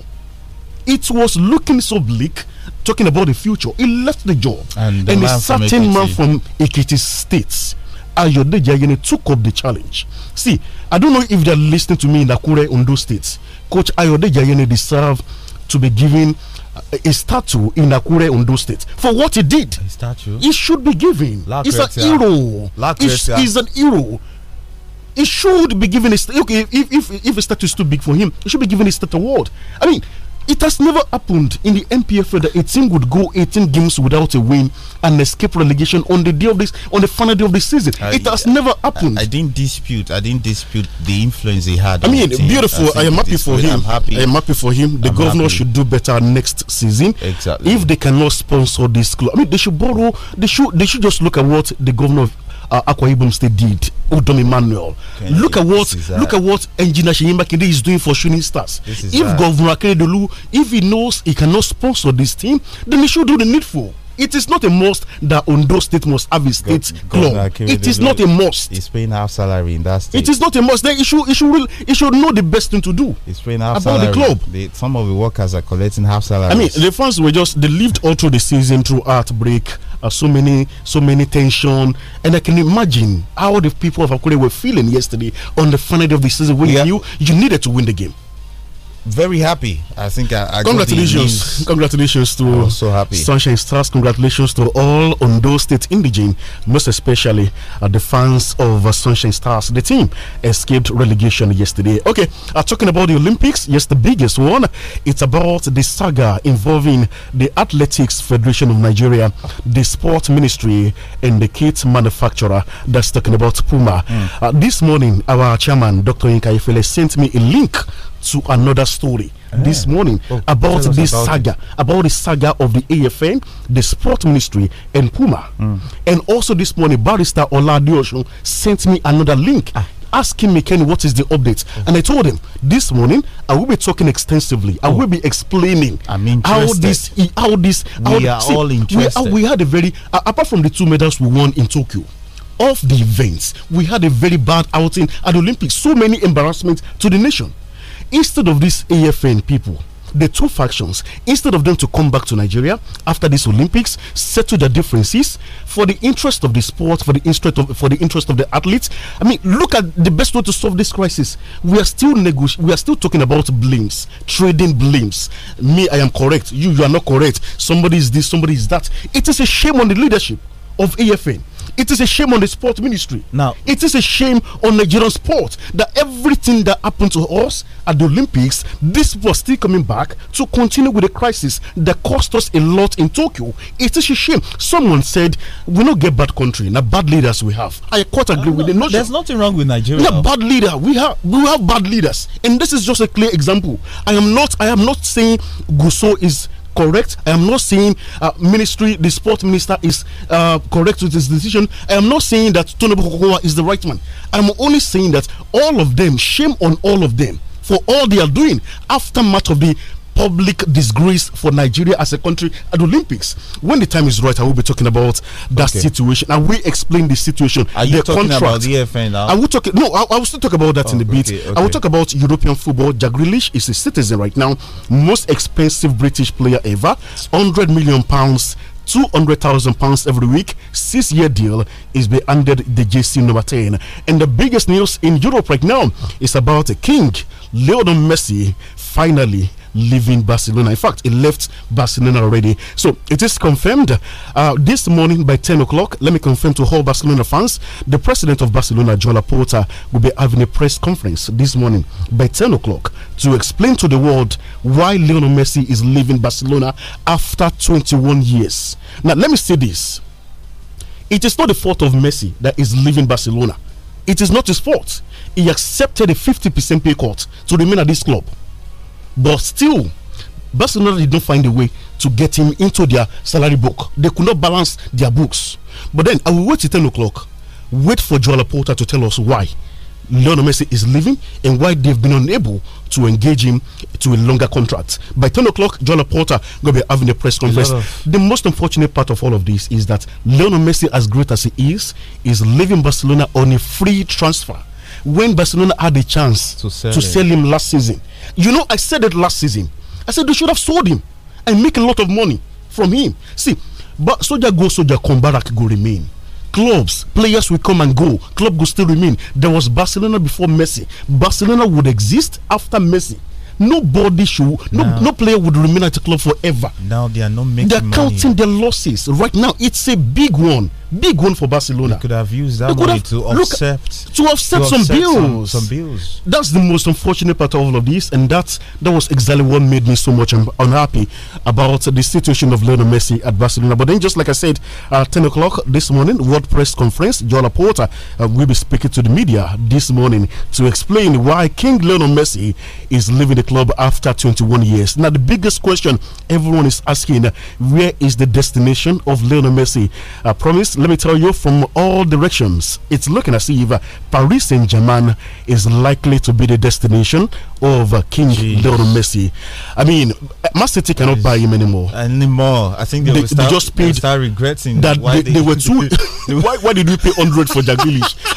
Speaker 6: It was looking so bleak talking about the future. He left the job, and, and a certain man from Ekiti States, Ayodeji Ayene, took up the challenge. See, I don't know if they're listening to me in Akure, Ondo States. Coach Ayodeji Ayene deserve to be given a statue in Akure, Ondo State for what he did. A statue? He should be given. He's an hero. He's an hero he should be given a okay if if if a statue is too big for him, he should be given a state award. I mean, it has never happened in the MPF that a team would go 18 games without a win and escape relegation on the day of this on the final day of the season. Uh, it has never happened. I, I, didn't
Speaker 2: dispute. I didn't dispute the influence he had. I mean, beautiful. I, I am happy for him. I'm happy. I am happy for him. The I'm governor happy.
Speaker 6: should do better next season. Exactly. If they cannot sponsor this club, I mean, they should borrow. They should. They should just look at what the governor of uh, Akwa Ibom State did. Odom Emmanuel. Okay, look at what uh, look at what engineer Shenyimba Kinde is doing for shooting stars. If that. Uh, Governor Akeredolu, if he knows he cannot sponsor this team, then he should do the needful. It is not a must that Ondo State must have a state God, club. God, it is not a must.
Speaker 2: He's paying half salary in that state. It is
Speaker 6: not a must. Then it should, it should, it should know the best thing to do. He's
Speaker 2: paying half about salary. the club. The, some of the workers are collecting half salary. I mean, the
Speaker 6: fans were just they lived all through the season through outbreak. Uh, so many, so many tension, and I can imagine how the people of Akure were feeling yesterday on the final day of the season when yeah. you knew you needed to win the game very happy.
Speaker 2: I think I, I congratulations,
Speaker 6: congratulations to so happy Sunshine Stars. Congratulations to all on those State indigene, most especially uh, the fans of uh, Sunshine Stars. The team escaped relegation yesterday. Okay, uh, talking about the Olympics, yes, the biggest one. It's about the saga involving the Athletics Federation of Nigeria, the Sport Ministry, and the kit manufacturer. That's talking about Puma. Mm. Uh, this morning, our chairman, Dr. Inka Ifele, sent me a link to another story yeah. this morning oh, about this about saga, it. about the saga of the AFN, the Sport Ministry, and Puma. Mm. And also this morning, Barrister Oladiyoshun sent me another link. Ah asking me, Kenny, what is the update? Mm And I told him this morning I will be talking extensively. I will oh. be explaining how this, how this, we this, are see, all interested. We, we, had a very uh, apart from the two medals we won in Tokyo. Of the events, we had a very bad outing at the Olympics. So many embarrassments to the nation instead of these AFN people, the two factions, instead of them to come back to Nigeria after these Olympics, settle their differences for the interest of the sport, for the interest of for the interest of the athletes. I mean, look at the best way to solve this crisis. We are still We are still talking about blames, trading blames. Me, I am correct. You, you are not correct. Somebody is this. Somebody is that. It is a shame on the leadership of AFN it is a shame on the sports ministry. Now, it is a shame on Nigerian sport that everything that happened to us at the Olympics, this was still coming back to continue with the crisis that cost us a lot in Tokyo. It is a shame. Someone said, "We not get bad country, not bad leaders we have." I quite agree no, with no, the notion. There's nothing wrong with Nigeria. we bad leader. We have we have bad leaders, and this is just a clear example. I am not. I am not saying Guso is correct. I am not saying uh, ministry, the sport minister is uh, correct with his decision. I am not saying that Tony Bokokowa is the right man. I'm only saying that all of them, shame on all of them for all they are doing after much of the public disgrace for Nigeria as a country at the Olympics. When the time is right, I will be talking about that okay. situation. And we explain the situation. Are you the talking contract. about the
Speaker 2: EFN now? I will
Speaker 6: talk. No, I, I will still talk about that oh, in a oh, bit. Okay, okay. I will talk about European football. Jack Grealish is a citizen right now, most expensive British player ever, hundred million pounds 200,000 pounds every week. Six year deal is behind the JC number 10. And the biggest news in Europe right now is about the king, Lionel Messi, finally leaving Barcelona. In fact, he left Barcelona already. So it is confirmed uh, this morning by 10 o'clock. Let me confirm to all Barcelona fans the president of Barcelona, Joan Laporta, will be having a press conference this morning by 10 o'clock to explain to the world why Lionel Messi is leaving Barcelona after 21 years. Now, let me say this it is not the fault of Messi that is leaving Barcelona. It is not his fault. He accepted a 50% pay cut to remain at this club. But still, Barcelona did not find a way to get him into their salary book. They could not balance their books. But then I will wait till 10 o'clock, wait for Joel Porter to tell us why Lionel Messi is leaving and why they've been unable to engage him to a longer contract. By 10 o'clock, Joel Porter going to be having a press conference. The most unfortunate part of all of this is that Lionel Messi, as great as he is, is leaving Barcelona on a free transfer when Barcelona had a chance to sell, to sell him last season. You know, I said it last season. I said they should have sold him and make a lot of money from him. See, but soldier go, soldier come back, go remain. Clubs, players will come and go. Club will still remain. There was Barcelona before Messi. Barcelona would exist after Messi. Nobody should, no, now, no player would remain at the club forever.
Speaker 2: Now they are not making. They're money. counting
Speaker 6: their losses right now. It's a big one. Big one for Barcelona. They could have used that money to, offset, look, to offset to some offset bills. Some, some, bills. That's the most unfortunate part of all of this, and that that was exactly what made me so much un unhappy about the situation of Lionel Messi at Barcelona. But then, just like I said, at uh, 10 o'clock this morning, World Press Conference, John Porter uh, will be speaking to the media this morning to explain why King Lionel Messi is leaving the club after 21 years. Now, the biggest question everyone is asking: uh, Where is the destination of Lionel Messi? I uh, promise let me tell you, from all directions, it's looking as if Paris Saint Germain is likely to be the destination over King Lionel Messi. I mean, Man City cannot buy him anymore. Anymore. I think they, they, start, they just paid. They start regretting that they, they, they, were too. why, why did we pay hundred for Jack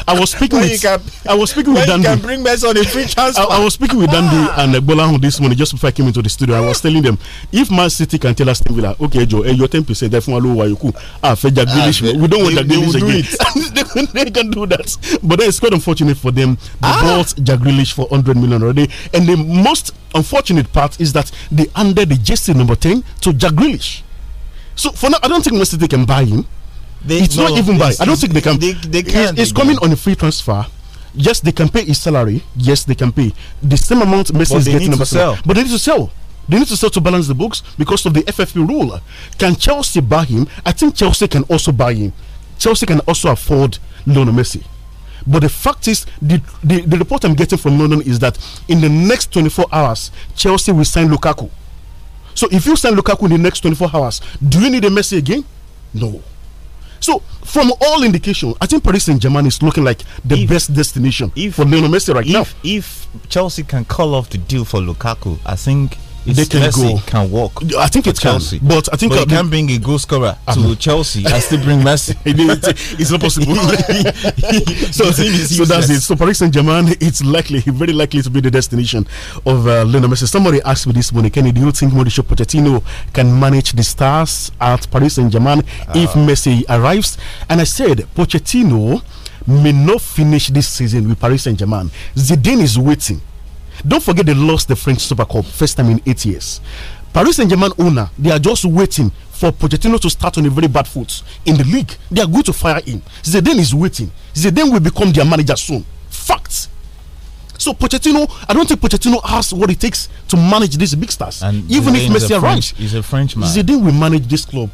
Speaker 6: I was speaking with. Can, I was speaking with Dandy. Can bring Messi on a free transfer. I, I was speaking with Dandy ah. and uh, Bolan this morning just before I came into the studio. I was telling them if Man City can tell us, Villa, okay, Joe, eh, your ten percent definitely eh, low. Why you Ah, for Jack ah, we don't want Jack Grealish again. they, can do that, but it's quite unfortunate for them. They ah. bought Jack for hundred million already and the most unfortunate part is that they handed the jersey number 10 to Jack Grealish. So for now, I don't think Man City can buy him. They, it's no, not even buy. I don't think they can. They, they can. It's, it's coming on a free transfer. Yes, they can pay his salary. Yes, they can pay the same amount Messi is getting. But they need to sell. They need to sell to balance the books because of the FFP rule. Can Chelsea buy him? I think Chelsea can also buy him. Chelsea can also afford Lionel Messi. But the fact is, the, the, the, report I'm getting from London is that in the next 24 hours, Chelsea will sign Lukaku. So if you sign Lukaku in the next 24 hours, do you need a Messi again? No. So from all indication, I think Paris Saint Germain is looking like the if, best destination if, for Lionel Messi right if, now. If Chelsea can call off the deal
Speaker 2: for Lukaku, I think they can go. Can walk. I think it can. Chelsea. But I think but I can bring
Speaker 6: a goal scorer ah, to Chelsea and still bring Messi. it's not possible. so, so that's it. So Paris Saint Germain, it's likely, very likely to be the destination of uh, Lionel Messi. Somebody asked me this morning, Kenny, do you think Mauricio Pochettino can manage the stars at Paris Saint Germain uh. if ah. Messi arrives? And I said, Pochettino may not finish this season with Paris Saint Germain. Zidane is waiting don't forget they lost the French Super Cup first time in eight years. Paris Saint Germain owner, they are just waiting for Pochettino to start on a very bad foot in the league. They are going to fire him. Zidane is waiting. Zidane will become their manager soon. Facts. So Pochettino, I don't think Pochettino has what it takes to manage these big stars. And even Zidane if Messi arrives,
Speaker 2: he's a Frenchman.
Speaker 6: Zidane will manage this club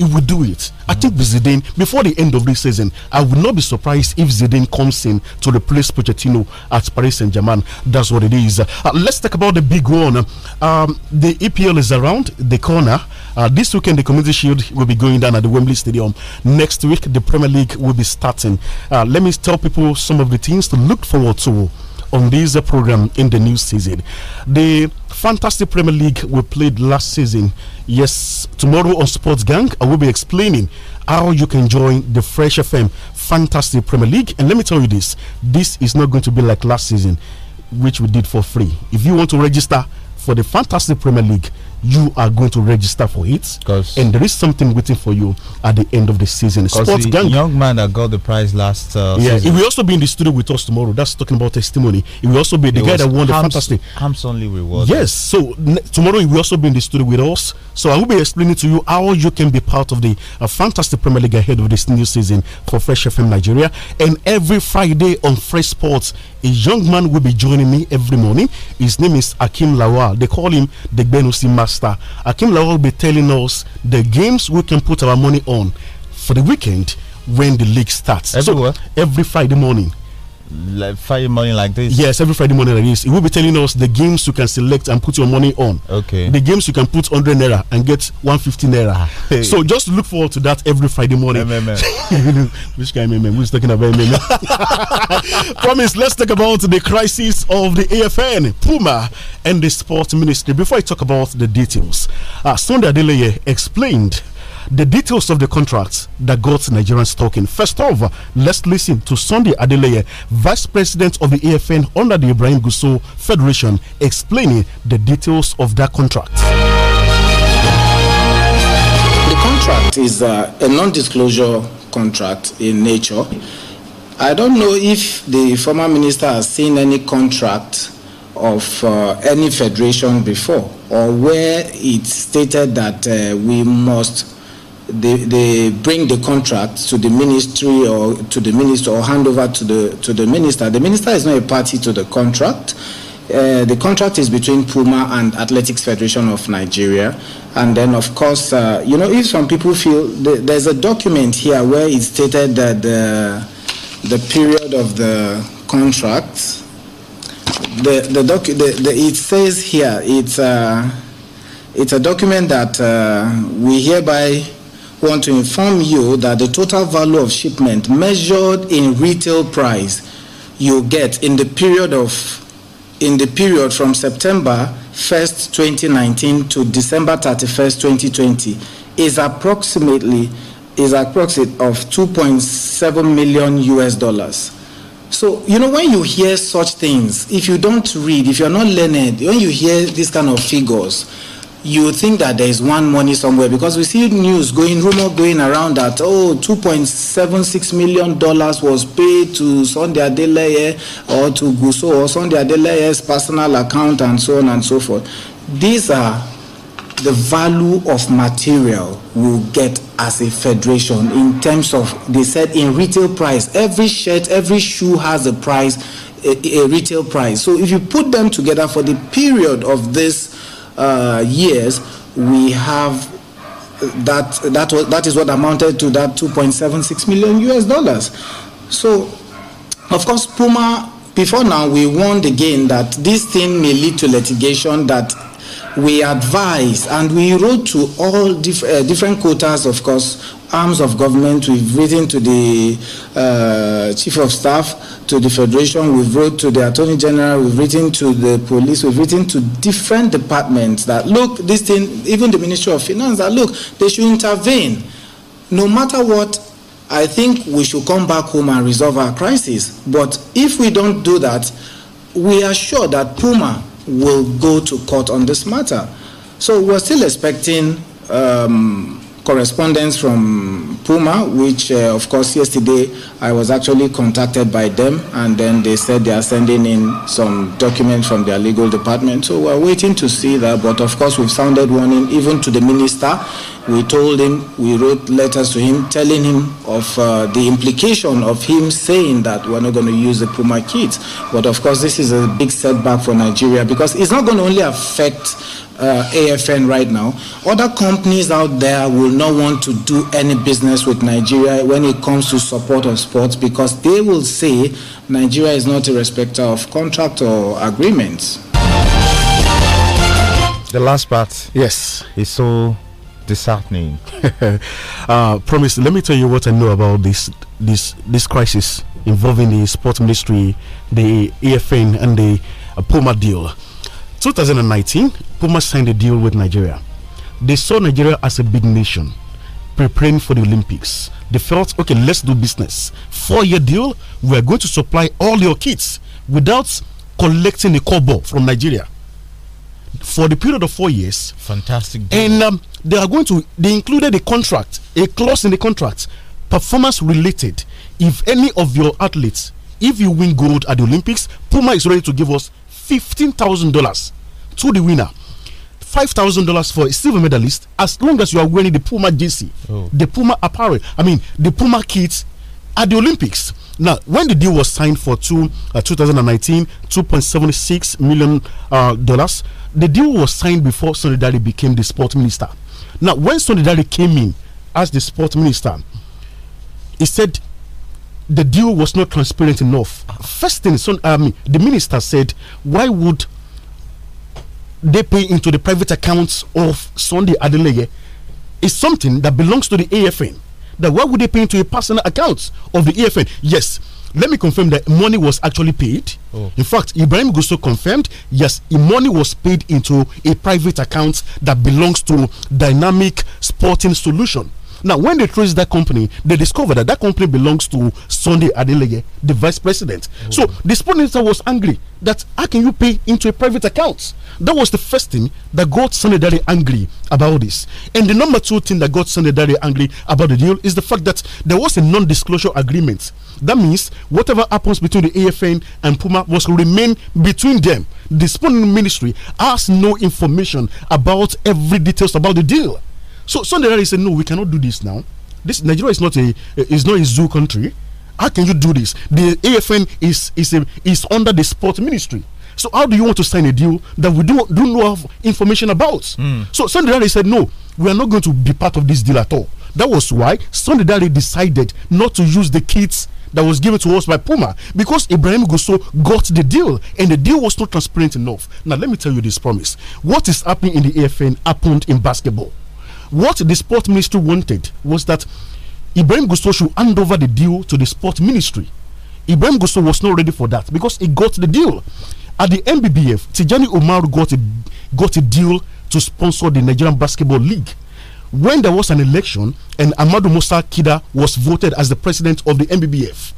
Speaker 6: he will do it. Mm. I think Zidane, before the end of this season, I would not be surprised if Zidane comes in to replace Pochettino at Paris Saint Germain. That's what it is. Uh, let's talk about the big one. Um, the EPL is around the corner. Uh, this weekend, the Community Shield will be going down at the Wembley Stadium. Next week, the Premier League will be starting. Uh, let me tell people some of the things to look forward to on this program in the new season. The Fantasy Premier League we played last season. Yes, tomorrow on Sports Gang, I will be explaining how you can join the Fresh FM Fantasy Premier League. And let me tell you this this is not going to be like last season, which we did for free. If you want to register for the Fantasy Premier League, you are going to register for it. And there is something waiting for you at the end of the season. Sports the gang.
Speaker 2: young man that got the prize last uh, yeah, season. He
Speaker 6: will also be in the studio with us tomorrow. That's talking about testimony. He will also be the it guy that won the fantastic.
Speaker 2: Hams reward.
Speaker 6: Yes. So tomorrow he will also be in the studio with us. So I will be explaining to you how you can be part of the uh, fantastic Premier League ahead of this new season for Fresh FM Nigeria. And every Friday on Fresh Sports, a young man will be joining me every morning. His name is Akim Lawal. They call him the Benusi Master broadcaster, Akim Lawal will be telling us the games we can put our money on for the weekend when the league starts. Everywhere. So every Friday morning like Friday morning like this? Yes, every Friday morning like this. It will be telling us the games you can select and put your money on. Okay. The games you can put 100 naira and get 150 naira. Ah, hey. So just look forward to that every Friday morning. MMM. Which guy MMM? Who's talking about MMM? Promise, let's talk about the crisis of the AFN, Puma, and the Sports Ministry. Before I talk about the details, uh, Sunday Adeleye explained the details of the contracts that got Nigerians talking. First off, all, let's listen to Sunday Adeleye, Vice President of the AFN under the Ibrahim Gusso Federation, explaining the details of that contract.
Speaker 11: The contract is uh, a non disclosure contract in nature. I don't know if the former minister has seen any contract of uh, any federation before or where it stated that uh, we must they, they bring the contract to the ministry or to the minister or hand over to the to the minister. The minister is not a party to the contract. Uh, the contract is between Puma and Athletics Federation of Nigeria. And then, of course, uh, you know, if some people feel th- there's a document here where it's stated that the, the period of the contract, the, the doc, the, the, it says here, it's, uh, it's a document that uh, we hereby want to inform you that the total value of shipment measured in retail price you get in the period of in the period from September 1st 2019 to December 31st 2020 is approximately is approximate of 2.7 million US dollars. So, you know, when you hear such things, if you don't read, if you're not learned, when you hear these kind of figures, you think that there is one money somewhere because we see news going rumor going around that oh 2.76 million dollars was paid to Sunday Adeleye or to Guso or Sunday Adeleye's personal account and so on and so forth these are the value of material we get as a federation in terms of they said in retail price every shirt every shoe has a price a, a retail price so if you put them together for the period of this uh, years, we have that that was that is what amounted to that 2.76 million US dollars. So, of course, Puma. Before now, we warned again that this thing may lead to litigation that we advised and we wrote to all diff- uh, different quotas, of course, arms of government. We've written to the uh, chief of staff, to the federation. We've wrote to the attorney general. We've written to the police. We've written to different departments that look, this thing, even the Ministry of Finance, that look, they should intervene. No matter what, I think we should come back home and resolve our crisis. But if we don't do that, we are sure that Puma will go to court on this matter. So we're still expecting. Um, correspondence from Puma, which uh, of course yesterday I was actually contacted by them, and then they said they are sending in some documents from their legal department. So we're waiting to see that, but of course we've sounded warning even to the minister we told him, we wrote letters to him telling him of uh, the implication of him saying that we're not going to use the Puma kits. But of course, this is a big setback for Nigeria because it's not going to only affect uh, AFN right now. Other companies out there will not want to do any business with Nigeria when it comes to support of sports because they will say Nigeria is not a respecter of contract or agreements.
Speaker 6: The last part, yes, is so disheartening. uh, promise. Let me tell you what I know about this this this crisis involving the sports ministry, the AFN, and the uh, Puma deal. 2019, Puma signed a deal with Nigeria. They saw Nigeria as a big nation preparing for the Olympics. They felt, okay, let's do business. Four year deal, we are going to supply all your kids without collecting a cobalt from Nigeria for the period of four years.
Speaker 2: Fantastic.
Speaker 6: Deal. And um, they are going to, they included a contract, a clause in the contract, performance related. If any of your athletes, if you win gold at the Olympics, Puma is ready to give us $15,000 to the winner. $5,000 for a silver medalist as long as you are wearing the Puma jersey, oh. the Puma apparel, I mean, the Puma kits at the Olympics. Now, when the deal was signed for two, uh, 2019, $2.76 million. Uh, dollars, the deal was signed before Solidari became the sport minister. Now, when Solidari came in as the sport minister, he said the deal was not transparent enough. First thing, I mean, the minister said, why would they pay into the private accounts of Sunday Adeleye? Is something that belongs to the AFN. That why would they pay into a personal account of the AFN? Yes let me confirm that money was actually paid. Oh. In fact, Ibrahim Gusto confirmed yes, money was paid into a private account that belongs to Dynamic Sporting Solution. Now, when they traced that company, they discovered that that company belongs to Sunday Adeleye, the vice president. Mm. So the sport minister was angry that how can you pay into a private account? That was the first thing that got Sunday Dare angry about this. And the number two thing that got Sunday Dare angry about the deal is the fact that there was a non-disclosure agreement. That means whatever happens between the AFN and Puma must remain between them. The sport ministry has no information about every details about the deal. So Sunday night is no, we cannot do this now. This Nigeria is not a is not a zoo country. How can you do this? The AFN is is a, is under the sport ministry. So how do you want to sign a deal that we do do not have information about? Mm. So Sunday Dare said no, we are not going to be part of this deal at all. That was why Sunday Dare decided not to use the kits that was given to us by Puma because Ibrahim Gusso got the deal and the deal was not transparent enough. Now let me tell you this promise. What is happening in the AFN happened in basketball. What the sport ministry wanted was that Ibrahim Gusto should hand over the deal to the sport ministry. Ibrahim Gusto was not ready for that because he got the deal. At the MBBF, Tijani Omar got a, got a deal to sponsor the Nigerian Basketball League. When there was an election and Amadou Musa Kida was voted as the president of the MBBF,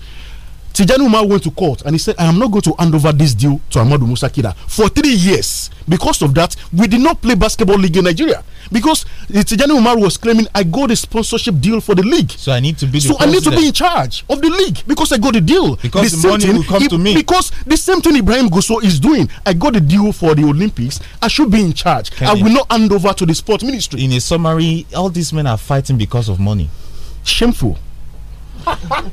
Speaker 6: Tijani Umar went to court and he said, I am not going to hand over this deal to Amadou Musakira for three years. Because of that, we did not play basketball league in Nigeria. Because Tijani Umar was claiming, I got a sponsorship deal for the league.
Speaker 2: So I need to be So I need to be in
Speaker 6: charge of the league because I got a deal. Because the, the money thing, will come to me. Because the same thing Ibrahim Gusso is doing. I got a deal for the Olympics. I should be in charge. Can I will not hand over to the sport ministry. In a summary, all these men are fighting because of money. Shameful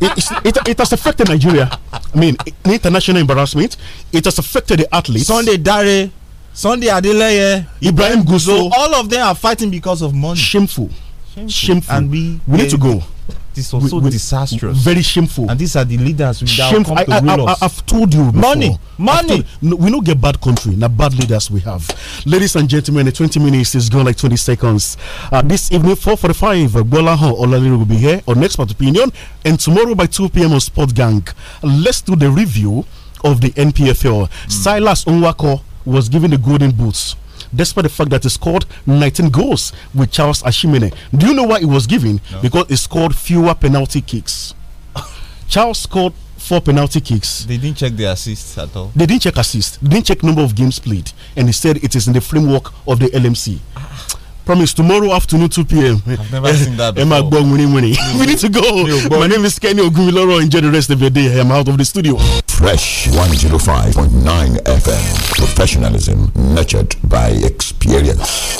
Speaker 6: it, it, it, has affected Nigeria. I mean, international embarrassment. It has affected the athletes. Sunday Dare, Sunday Adeleye, Ibrahim Gusso. All of them are fighting because of money. Shameful. Shameful. Shameful.
Speaker 2: And we, we need to go practice are so disastrous.
Speaker 6: Very shameful. And these are the leaders we rulers. I, have told you before. Money, money. No, we don't get bad country. not bad leaders we have. Ladies and gentlemen, the 20 minutes is gone like 20 seconds. Uh, this evening, 4:45, Gbolahan Olalere will be here on Expert Opinion, and tomorrow by 2 p.m. on Sport Gang. Let's do the review of the NPFL. Mm. Silas Onwako was given the golden boots despite the fact that he scored 19 goals with Charles Ashimene. Do you know why he was given? No. Because he scored fewer penalty kicks. Charles scored four penalty kicks. They didn't
Speaker 2: check the assists at all.
Speaker 6: They didn't check assists. They didn't check number of games played. And instead, it is in the framework of the LMC. Ah. Promise tomorrow afternoon 2 p.m. I've never eh, seen that eh, before. we need to go. My name is Kenny Ogumiloro. Enjoy the rest of your day. I am out of the studio.
Speaker 2: Fresh 105.9 FM. Professionalism nurtured
Speaker 6: by experience.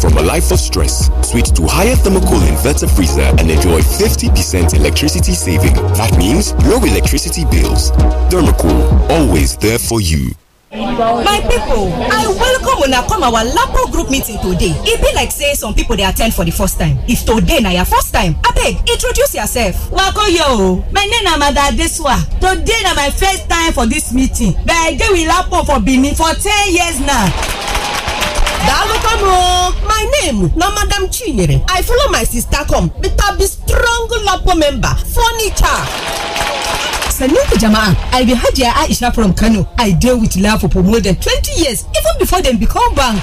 Speaker 6: from a life of stress. Switch to higher thermocool inverter freezer and enjoy 50% electricity saving. That means
Speaker 1: low electricity bills. Thermocool, always there for you.
Speaker 7: my people, i welcome I come our lapo group meeting today It be like say some people they attend for the first time if today na your first time beg, introduce yourself. yo, my name na mada adesuwa today na my first time for this meeting but i dey with lapo for benin for ten years now my name na madam chinyere i follow my sister come beta be strong lopo member furniture sannin ku jama'a i be hajiya aisha from kano i deal with love for more than 20 years even before them become bank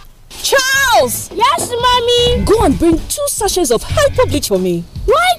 Speaker 7: Charles! Yes, mommy! Go and bring two sachets of hyper bleach for me. Why?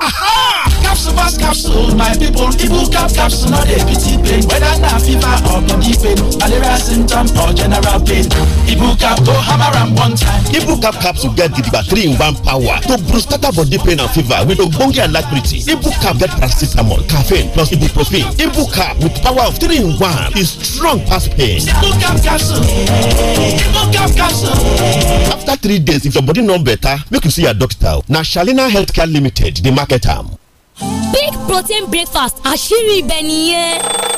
Speaker 8: Aha! Capsule pass capsule, my people. cap capsule,
Speaker 10: not a pity pain. Whether na fever or body pain,
Speaker 6: malaria symptom or general pain. ibucap to hammer am one time. ibucap capsule get gidigba three in one power to boost scatter body pain and fever with ogbonge alacrity. ibucap get paracetamol caffeine plus ibuprofen.
Speaker 8: ibucap with power of three in one is strong pass pain. ibucap capsule
Speaker 6: ibucap capsule.
Speaker 8: after three days
Speaker 6: if your body no better make you see your doctor na shalina healthcare limited the market am.
Speaker 5: big protein breakfast Ashiri Beniye. nìyẹn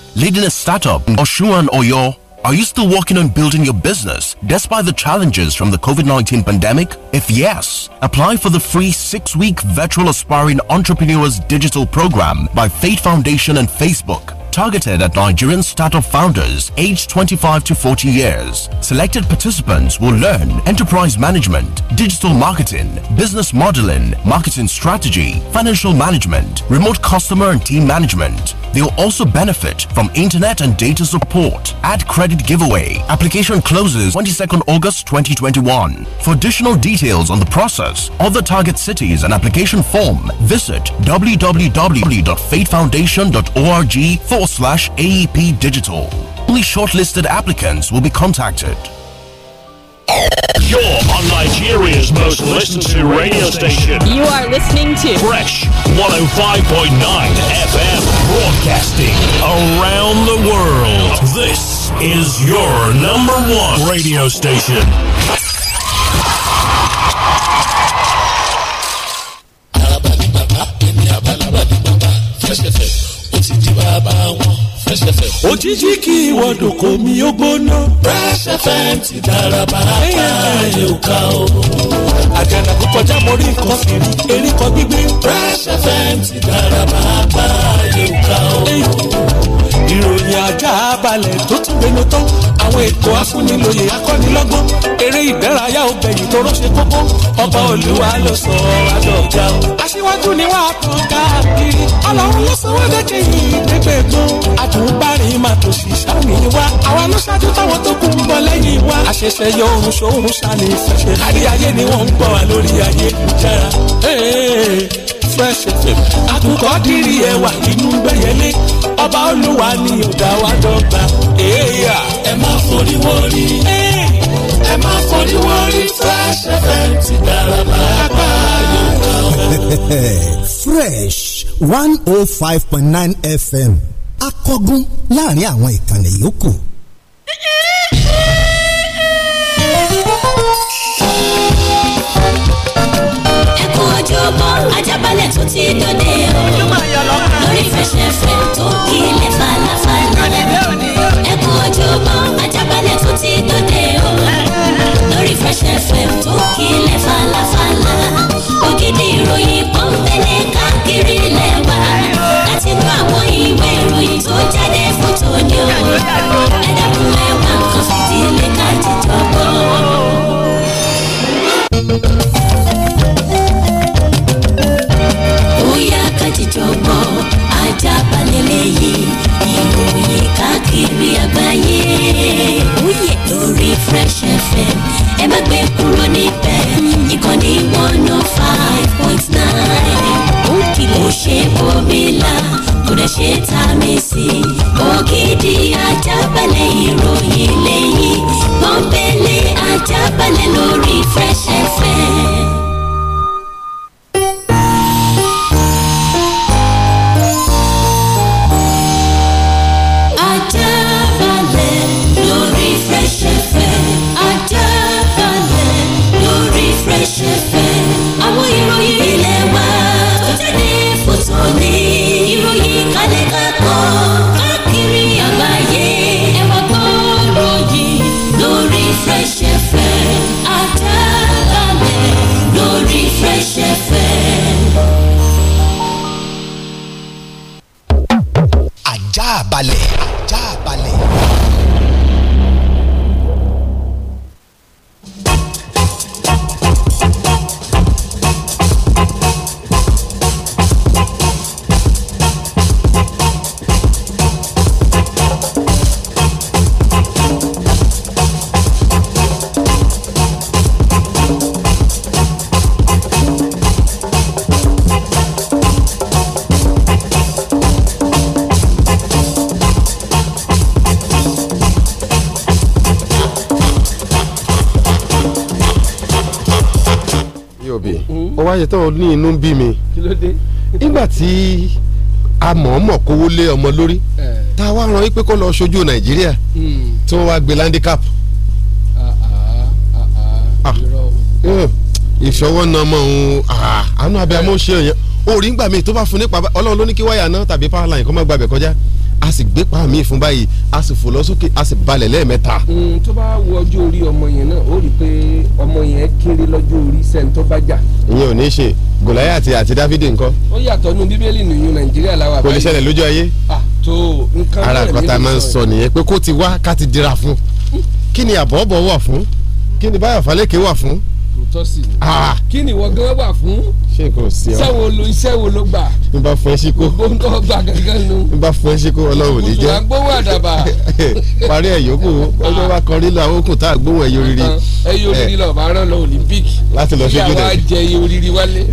Speaker 6: leading
Speaker 8: a startup, or Shuan Oyo? Are you still working on building your business despite the challenges from the COVID 19 pandemic? If yes, apply for the free six week virtual aspiring entrepreneurs digital program by Fate Foundation and Facebook targeted at Nigerian startup founders aged 25 to 40 years. Selected participants will
Speaker 6: learn enterprise management, digital marketing, business modeling, marketing strategy, financial management, remote customer and team management. They'll also benefit from internet and data support. Ad credit giveaway. Application closes 22nd August 2021. For additional details on the process, other target cities and application form, visit www.fatefoundation.org forward slash AEP Digital. Only shortlisted applicants will be contacted.
Speaker 1: You're on Nigeria's most listened to radio station. You are listening to Fresh 105.9 FM broadcasting around
Speaker 9: the world. This is your number one radio station. òjijì kí ìwọ́dọ̀ kò mí ó gbóná. Fresh FM ti dára bàbá ayé ò ká o. àjànà kó kọjá mo rí nǹkan fìrí erékọ gbígbé. Fresh FM ti dára bàbá ayé ò ká o ìròyìn ajá balẹ̀ tó tún gbénu tán àwọn ètò afúnilòyè akọ́nilọ́gbọ́n eré ìdárayá obìnrin tó rọ́ṣẹ́ kókó ọba olúwa ló sọ adọ́jà o. aṣíwájú ni wàá kàn káàkiri ọlọ́run ló sanwó dẹ́kẹ́ yìí dẹ́gbẹ̀gbọ́n àdùnbárin máa tó sì sáàmì wa àwa ló ṣáájú táwọn tó kù ń bọ̀ lẹ́yìn wa. àṣẹ̀ṣẹ̀ yọ oorun ṣòun ṣàní ìfẹsẹ̀ kárí ni wọ́n ń gbọ́ wa lórí ayélujára fresh fm àkùkọ dìrì ẹwà inú gbẹyẹlé ọba olúwa ni ọ̀dà wa dọ́gba. ẹ má forí wọrí ẹ má forí
Speaker 4: wọrí fresh fm ti dára pàápàá.
Speaker 8: fresh one oh five point nine fm akọgun láàrin àwọn ìkànnì yòókù.
Speaker 4: ojúbọ ajábalẹ̀ tó ti dòde o lórí fẹsẹ̀fẹ̀ tó kílẹ̀ falafala ẹ kú ojúbọ ajábalẹ̀ tó ti dòde o lórí fẹsẹ̀fẹ̀ tó kílẹ̀ falafala ògidì ìròyìn pọ́npẹ́lẹ́ káàkiri lẹ́wà láti gbọ́ àwọn ìwé ìròyìn tó jáde fún tòní o ẹ dẹ́kun kan fìdílé ká jíjọ gbọ́. àjíjọgbọ́ ajábalẹ̀ lẹ́yìn ìròyìn káàkiri àgbáyé. Oyè lórí Fresh FM ẹ má gbé kúrò níbẹ̀ ìkànnì one oh five point nine. Ó kìlọ̀ ṣe bòmílà kò dẹ̀ ṣe ta mí sí. Ògidì ajábalẹ̀ ìròyìn lẹ́yìn pọ́npẹ́lẹ́ ajábalẹ̀ lórí Fresh FM.
Speaker 12: ṣe tán ní inú ń bí mi nígbà tí a mọ̀ọ́mọ̀ kówó lé ọmọ lórí tá a wá ran yín pé kó lọ ṣojú nàìjíríà hmm. tí wọ́n wá gbé landicap. Ah, ah, ah, hmm. ìṣọwọ́ náà mọ̀ ohun àánú abẹ́ amóhùn ṣe èèyàn orí ń gbà mí tó bá fún nípa ọlọ́run ló ní kí wáyà náà tàbí power line kó má gbàgbẹ́ kọjá a sì gbé pa mí fún báyìí a sì fò lọ sókè a sì balẹ̀ lẹ́ẹ̀mẹ́ta.
Speaker 13: Mm, tó bá wo ọjọ́ orí ọmọ yẹn náà ó rí i pé ọmọ yẹn kéré lọ́jọ́ orí sẹ́ńtọ́ bá jà.
Speaker 12: ìyẹn ò ní ṣe gòláyàtì àti dávidi ńkọ́.
Speaker 13: ó yàtọ̀ nu bíbélì nìyún nàìjíríà làwà báyìí. kò lè ṣẹlẹ̀ lójú ayé. tó nǹkan ara nǹkan tá a máa ń sọ
Speaker 12: nìyẹn pé kó ti wá ká ti dira fún kí ni àbọ̀bọ̀ wà fún kí ni báyọ̀ falẹ́kẹ̀ wà fún.
Speaker 13: kò tọ́ sí i ah. kí ni ìwọ gan wà fún ṣé kò sí ọ. iṣẹ́ ló iṣẹ́ ló gbà.
Speaker 12: n bá fún ẹ ṣíkó. gbogbo nǹkan gbà gangan nu. n bá fún ẹ ṣíkó ọlọ́run ní jẹ́. gbówó àdàbà. parí ẹ̀ yòókù ah. ọjọ́ wa kan rílà okùn tá a gbówó ẹ̀yọ rírì.
Speaker 13: ẹ̀yọ rírì lọ bá eh. rán lọ olympic. láti lọ ṣojú dẹ.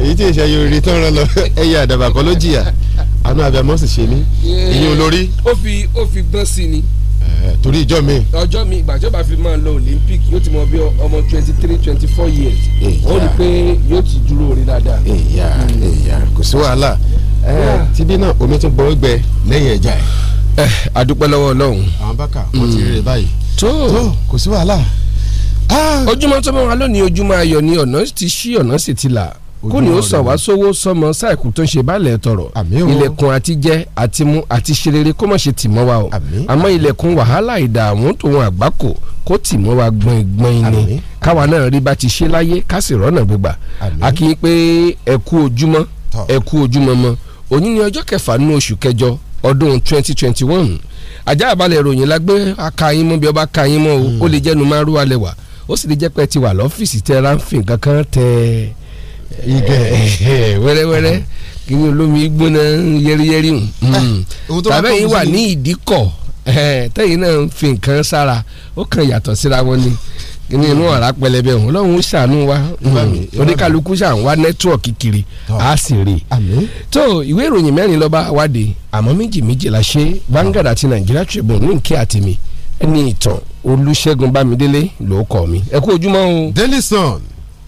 Speaker 13: èyí
Speaker 12: tí ìṣe ẹ̀yọ rírì tán rán lọ ẹ̀yẹ àdàbà kan ló jìyà àánú abẹ́mọ́sì ṣe ní
Speaker 13: eh. ìyẹn olórí. ó fi ó fi gbọ́n sí ni torí ìjọ mi. ọjọ́ mi ìgbà tí ó bá fi máa lọ olympic yóò ti mọ bí ọmọ twenty three twenty four years ó rí i pé yóò ti dúró orí dáadáa. èyà èyà
Speaker 12: hmm. kò sí wàhálà tíbí náà omi tún bọ́ gbẹ lẹ́yìn ẹja ẹ̀. a dúpẹ́ lọ́wọ́ ọlọ́run. àwọn bákà wọ́n ti hmm. rere báyìí. tó kò sí wàhálà. Ah. ojúmọ́ tó
Speaker 13: bá wà lónìí ojúmọ́ ayọ̀ ni ọ̀nà ti ṣí ọ̀nà sì ti là kó ni ó sàn wá sówó sọmọ sáìkù tó ń ṣe bálẹ̀ tọrọ ilẹ̀kùn àti jẹ àti mu àti ṣe kó mọ̀ ṣe tì mọ́ wa o àmọ́ ilẹ̀kùn wàhálà ìdààmú tòun àgbákò kó tì mọ́ wa gbọ̀ngbọ̀n ni káwa náà rí bá ti ṣe láyé ká sì rọ́nà gbogbo a kì í pé ẹ kú ojúmọ́ ẹ kú ojúmọ́ mọ́ òní ni ọjọ́ kẹfà nínú oṣù kẹjọ ọdún twenty twenty one ajá àbálẹ̀ ìròyìn la gbé akayín bí ọba igẹ̀ eh, eh, eh, wẹ́rẹ́wẹ́rẹ́ kí ni olómi gbóná yẹ́rìyẹ́rì hùn hmm. tàbí yìí wà ní ìdíkọ̀ tẹ́yìn náà ń fi nǹkan sára ó kàn yàtọ̀ síra wọn ni ní inú hmm. ọ̀rá pẹlẹbẹ ọ̀hún lọ́hún ṣàánú wa hmm. oníkálukú ṣàánú wa nẹ́tíwọ̀kì kiri a sì rè tó ìwé ìròyìn mẹ́rin lọ́ba wádìí àmọ́ méjì méjì la ṣe Vanguard àti Nigeria Tribune
Speaker 12: ní nkẹ́ àtìmí ẹni ìtàn Olúṣẹ́gun Bámidélé ló kọ́ mi ẹ kú ojúmọ́ o. Daily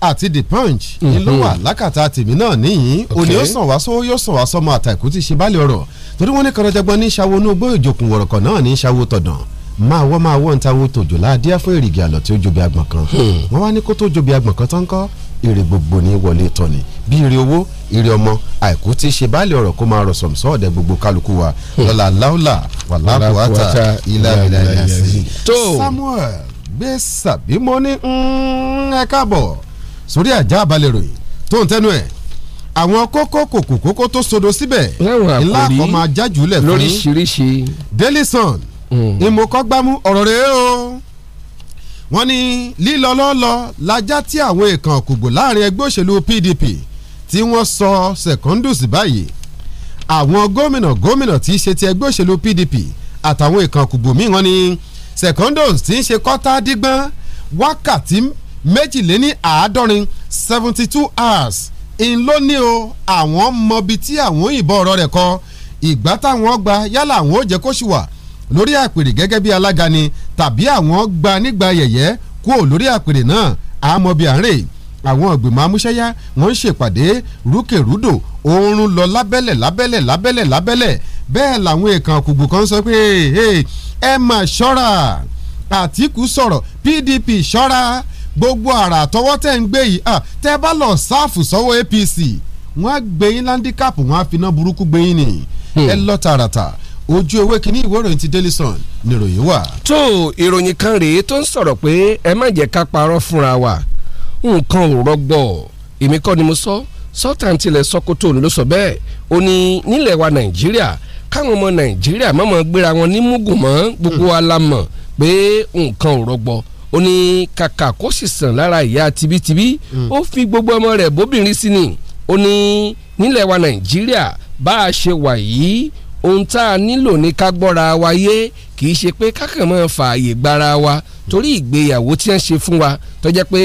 Speaker 12: àti the punch ni ló mhm. wà lákàtà tèmi náà níyìn òní ó sàn wá sówó yóò sàn wá sọmọ àtàkù ti ṣe báàlẹ̀ ọ̀rọ̀ torí wọ́n ní kọ̀rọ̀jọgbọ́n ní ṣàwo inú gbọ́ ìjòkùn wọ̀rọ̀kọ̀ náà ní ṣàwo tọ̀dàn máa wọ́ máa wọ́ ń ta wo tòjò láàdíá fún èrìgì àlọ́ tí ó jobi agbọ̀n kan hmm. wọ́n wá ní kó tó jobi agbọ̀n kan tán kọ́ èrè gbogbo ní wọlé tọ̀nì bí èrè owó èrè ọmọ àìkú tí ṣe báàlì ọ̀rọ̀ kó máa rọ̀ sọ̀mùsọ̀ ọ̀dẹ gbogbo kálukú wa hmm. lọ́la láúlà wàlábùwátà ilá ìlànà sí. Samuel gbé sàbímọ́ ní mm, ẹ̀ka bọ̀ sórí àjà àbálẹ̀ ròyìn tó ń tẹnu ẹ̀ àwọn kókó kòkò kókó tó sodo síbẹ̀ ńlá kọ́ máa jájúlẹ̀ fún lóríṣiríṣi Daily Sun hmm. ìmọ̀kọ́gbámú ọ̀rọ̀ rẹ̀ o wọ́n ní lílọ lọ́lọ́ lajá tí àwọn èèkàn kùgbò láàrin ẹgbẹ́ òṣèlú PDP tí wọ́n sọ Secondus báyìí àwọn gómìnà gómìnà tí í ṣe ti ẹgbẹ́ òṣèlú PDP àtàwọn èèkàn kùgbò míì wọ́n ní Secondus tí ń ṣe kọ́tà dígbọ́n wákàtí méjìléní àádọ́rin seventy two hours ń ló ní o àwọn mọbi tí àwọn ìbọn ọ̀rọ̀ rẹ̀ kọ ìgbà táwọn gba yálà àwọn ò jẹ́ kó sì wà lórí àpèrè gẹ́gẹ́ bí alága ni tàbí àwọn gba nígbà yẹ̀yẹ́ kú ò lórí àpèrè náà àmọ́ bí àárẹ̀ àwọn ìgbìmọ̀ amúṣẹ́yá wọ́n ń ṣèpàdé rúkèrúdò oorun lọ lábẹ́lẹ̀ lábẹ́lẹ̀ lábẹ́lẹ̀ lábẹ́lẹ̀ bẹ́ẹ̀ làwọn èèkàn kùgbù kan sọ pé ẹ mà ṣọ́ra Àtìkù sọ̀rọ̀ PDP ṣọ́ra gbogbo àrà tọwọ́ tẹ̀ ń gbé yìí tẹ́ bá lọ sáàfù sọ́wọ́ APC wọ́n á gbé yín landicap wọ́n á fi iná burúkú gbé yín nìyí hmm. ẹ lọ tààràtà ojú ewé kínní ìwé ìròyìn ti Daily Sun níròyìn
Speaker 13: wà. tó ìròyìn kan rèé tó ń sọ̀rọ̀ pé ẹ má jẹ́ ká parọ́ fúnra wa nǹkan ò rọgbọ èmi kọ́ ni mo sọ sọ́tàn tilẹ̀ sọ́kótó ló sọ bẹ́ẹ̀ ó ní nílẹ̀ wa Nàìjíríà káwọn ọmọ Nàìjíríà mọ̀mọ́ gbéra wọn ní mugun mọ́ gbogbo wa pé nǹkan ò rọgbọ ó ní kàkà kó sì sàn lára ìyá tibítibí hmm. ó fi gbogbo ọmọ rẹ̀ bóbìnrin sí ni ó ní nílẹ̀ wa nàìjíríà bá a ṣe wà yìí ohun tá a nílò ní ká gbọ́ra wa yé kì í ṣe pé kákàn máa fààyè gbára wa torí ìgbéyàwó tí wọ́n ṣe fún wa tó pé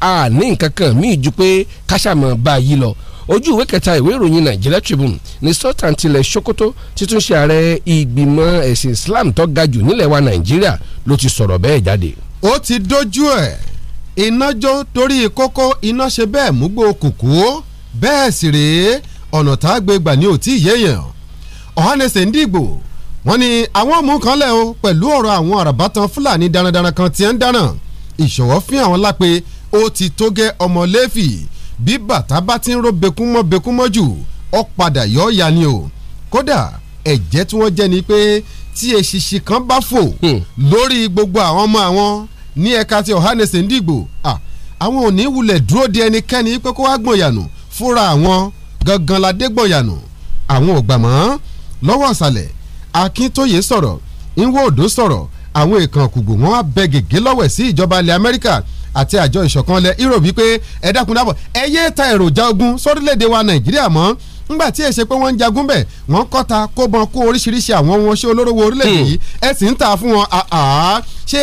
Speaker 13: a ní nǹkan kan míì ju pé káṣàmọ́ bá yí lọ ojú ìwé kẹta ìwé ìròyìn Nigeria Tribune ní Sultan tilẹ̀ Sokoto títúnṣe ààrẹ ìgbìmọ̀ ẹ̀sìn Islam tó ga
Speaker 12: jù nílẹ̀ wa Nàìjíríà ló ti sọ̀rọ̀ bẹ́ẹ̀ jáde ó ti dójú ẹ̀ iná jó torí kókó iná ṣe bẹ́ẹ̀ múgbó kùkú bẹ́ẹ̀ sì rèé ọ̀nà tá a gbé gbà ní òtí yéèyàn ọ̀hánẹsẹ̀ ndígbò wọ́n ní àwọn mú kan lẹ̀ o pẹ̀lú ọ̀rọ̀ àwọn àràbátan fúlàní darandaran kan tí ń dáràn ìṣòwò fi àwọn lápè ó ti tó gẹ́ ọmọ lẹ́fì bí bàtà bá ti ń ro bekúmọ́ bekúmọ́ jù ó padà yọ ọ́ ya ni o kódà ẹ̀jẹ̀ tí wọ́n jẹ́ ni pé tí èṣìṣì kan bá fò hmm. lórí gbogbo àwọn ọmọ àwọn ní ẹ̀ka ti Ohanaeze Ndigbo àwọn ò ní wulẹ̀ dúró de ẹnikẹ́ni pé kó wá gbọ̀nyànù fúnra àwọn gangan la dé gbọ̀nyànù àwọn ò gbà mọ́ lọ́wọ́ ọ̀sàlẹ̀ Akíntóyè sọ̀rọ̀ Nwodo sọ̀rọ̀ àwọn èèkàn kùgbò wọn á bẹ gègé lọ́wẹ̀ sí ìjọba ilẹ̀ Amẹ́ríkà àti àjọ ìṣọ̀kan ilẹ̀ Europe wípé ẹ dákun dábọ̀ ẹ yé ta èròjà ogun sórílẹ̀-èdè wa Nàìjíríà mọ́ ńgbà tí èsè pé wọ́n ń jagun bẹ̀ wọ́n kọ́ta kó bọn kó oríṣiríṣi àwọn ohun ọṣẹ́ olóró orílẹ̀-èdè hmm. yìí ẹ sì ń ta fún wọn ṣé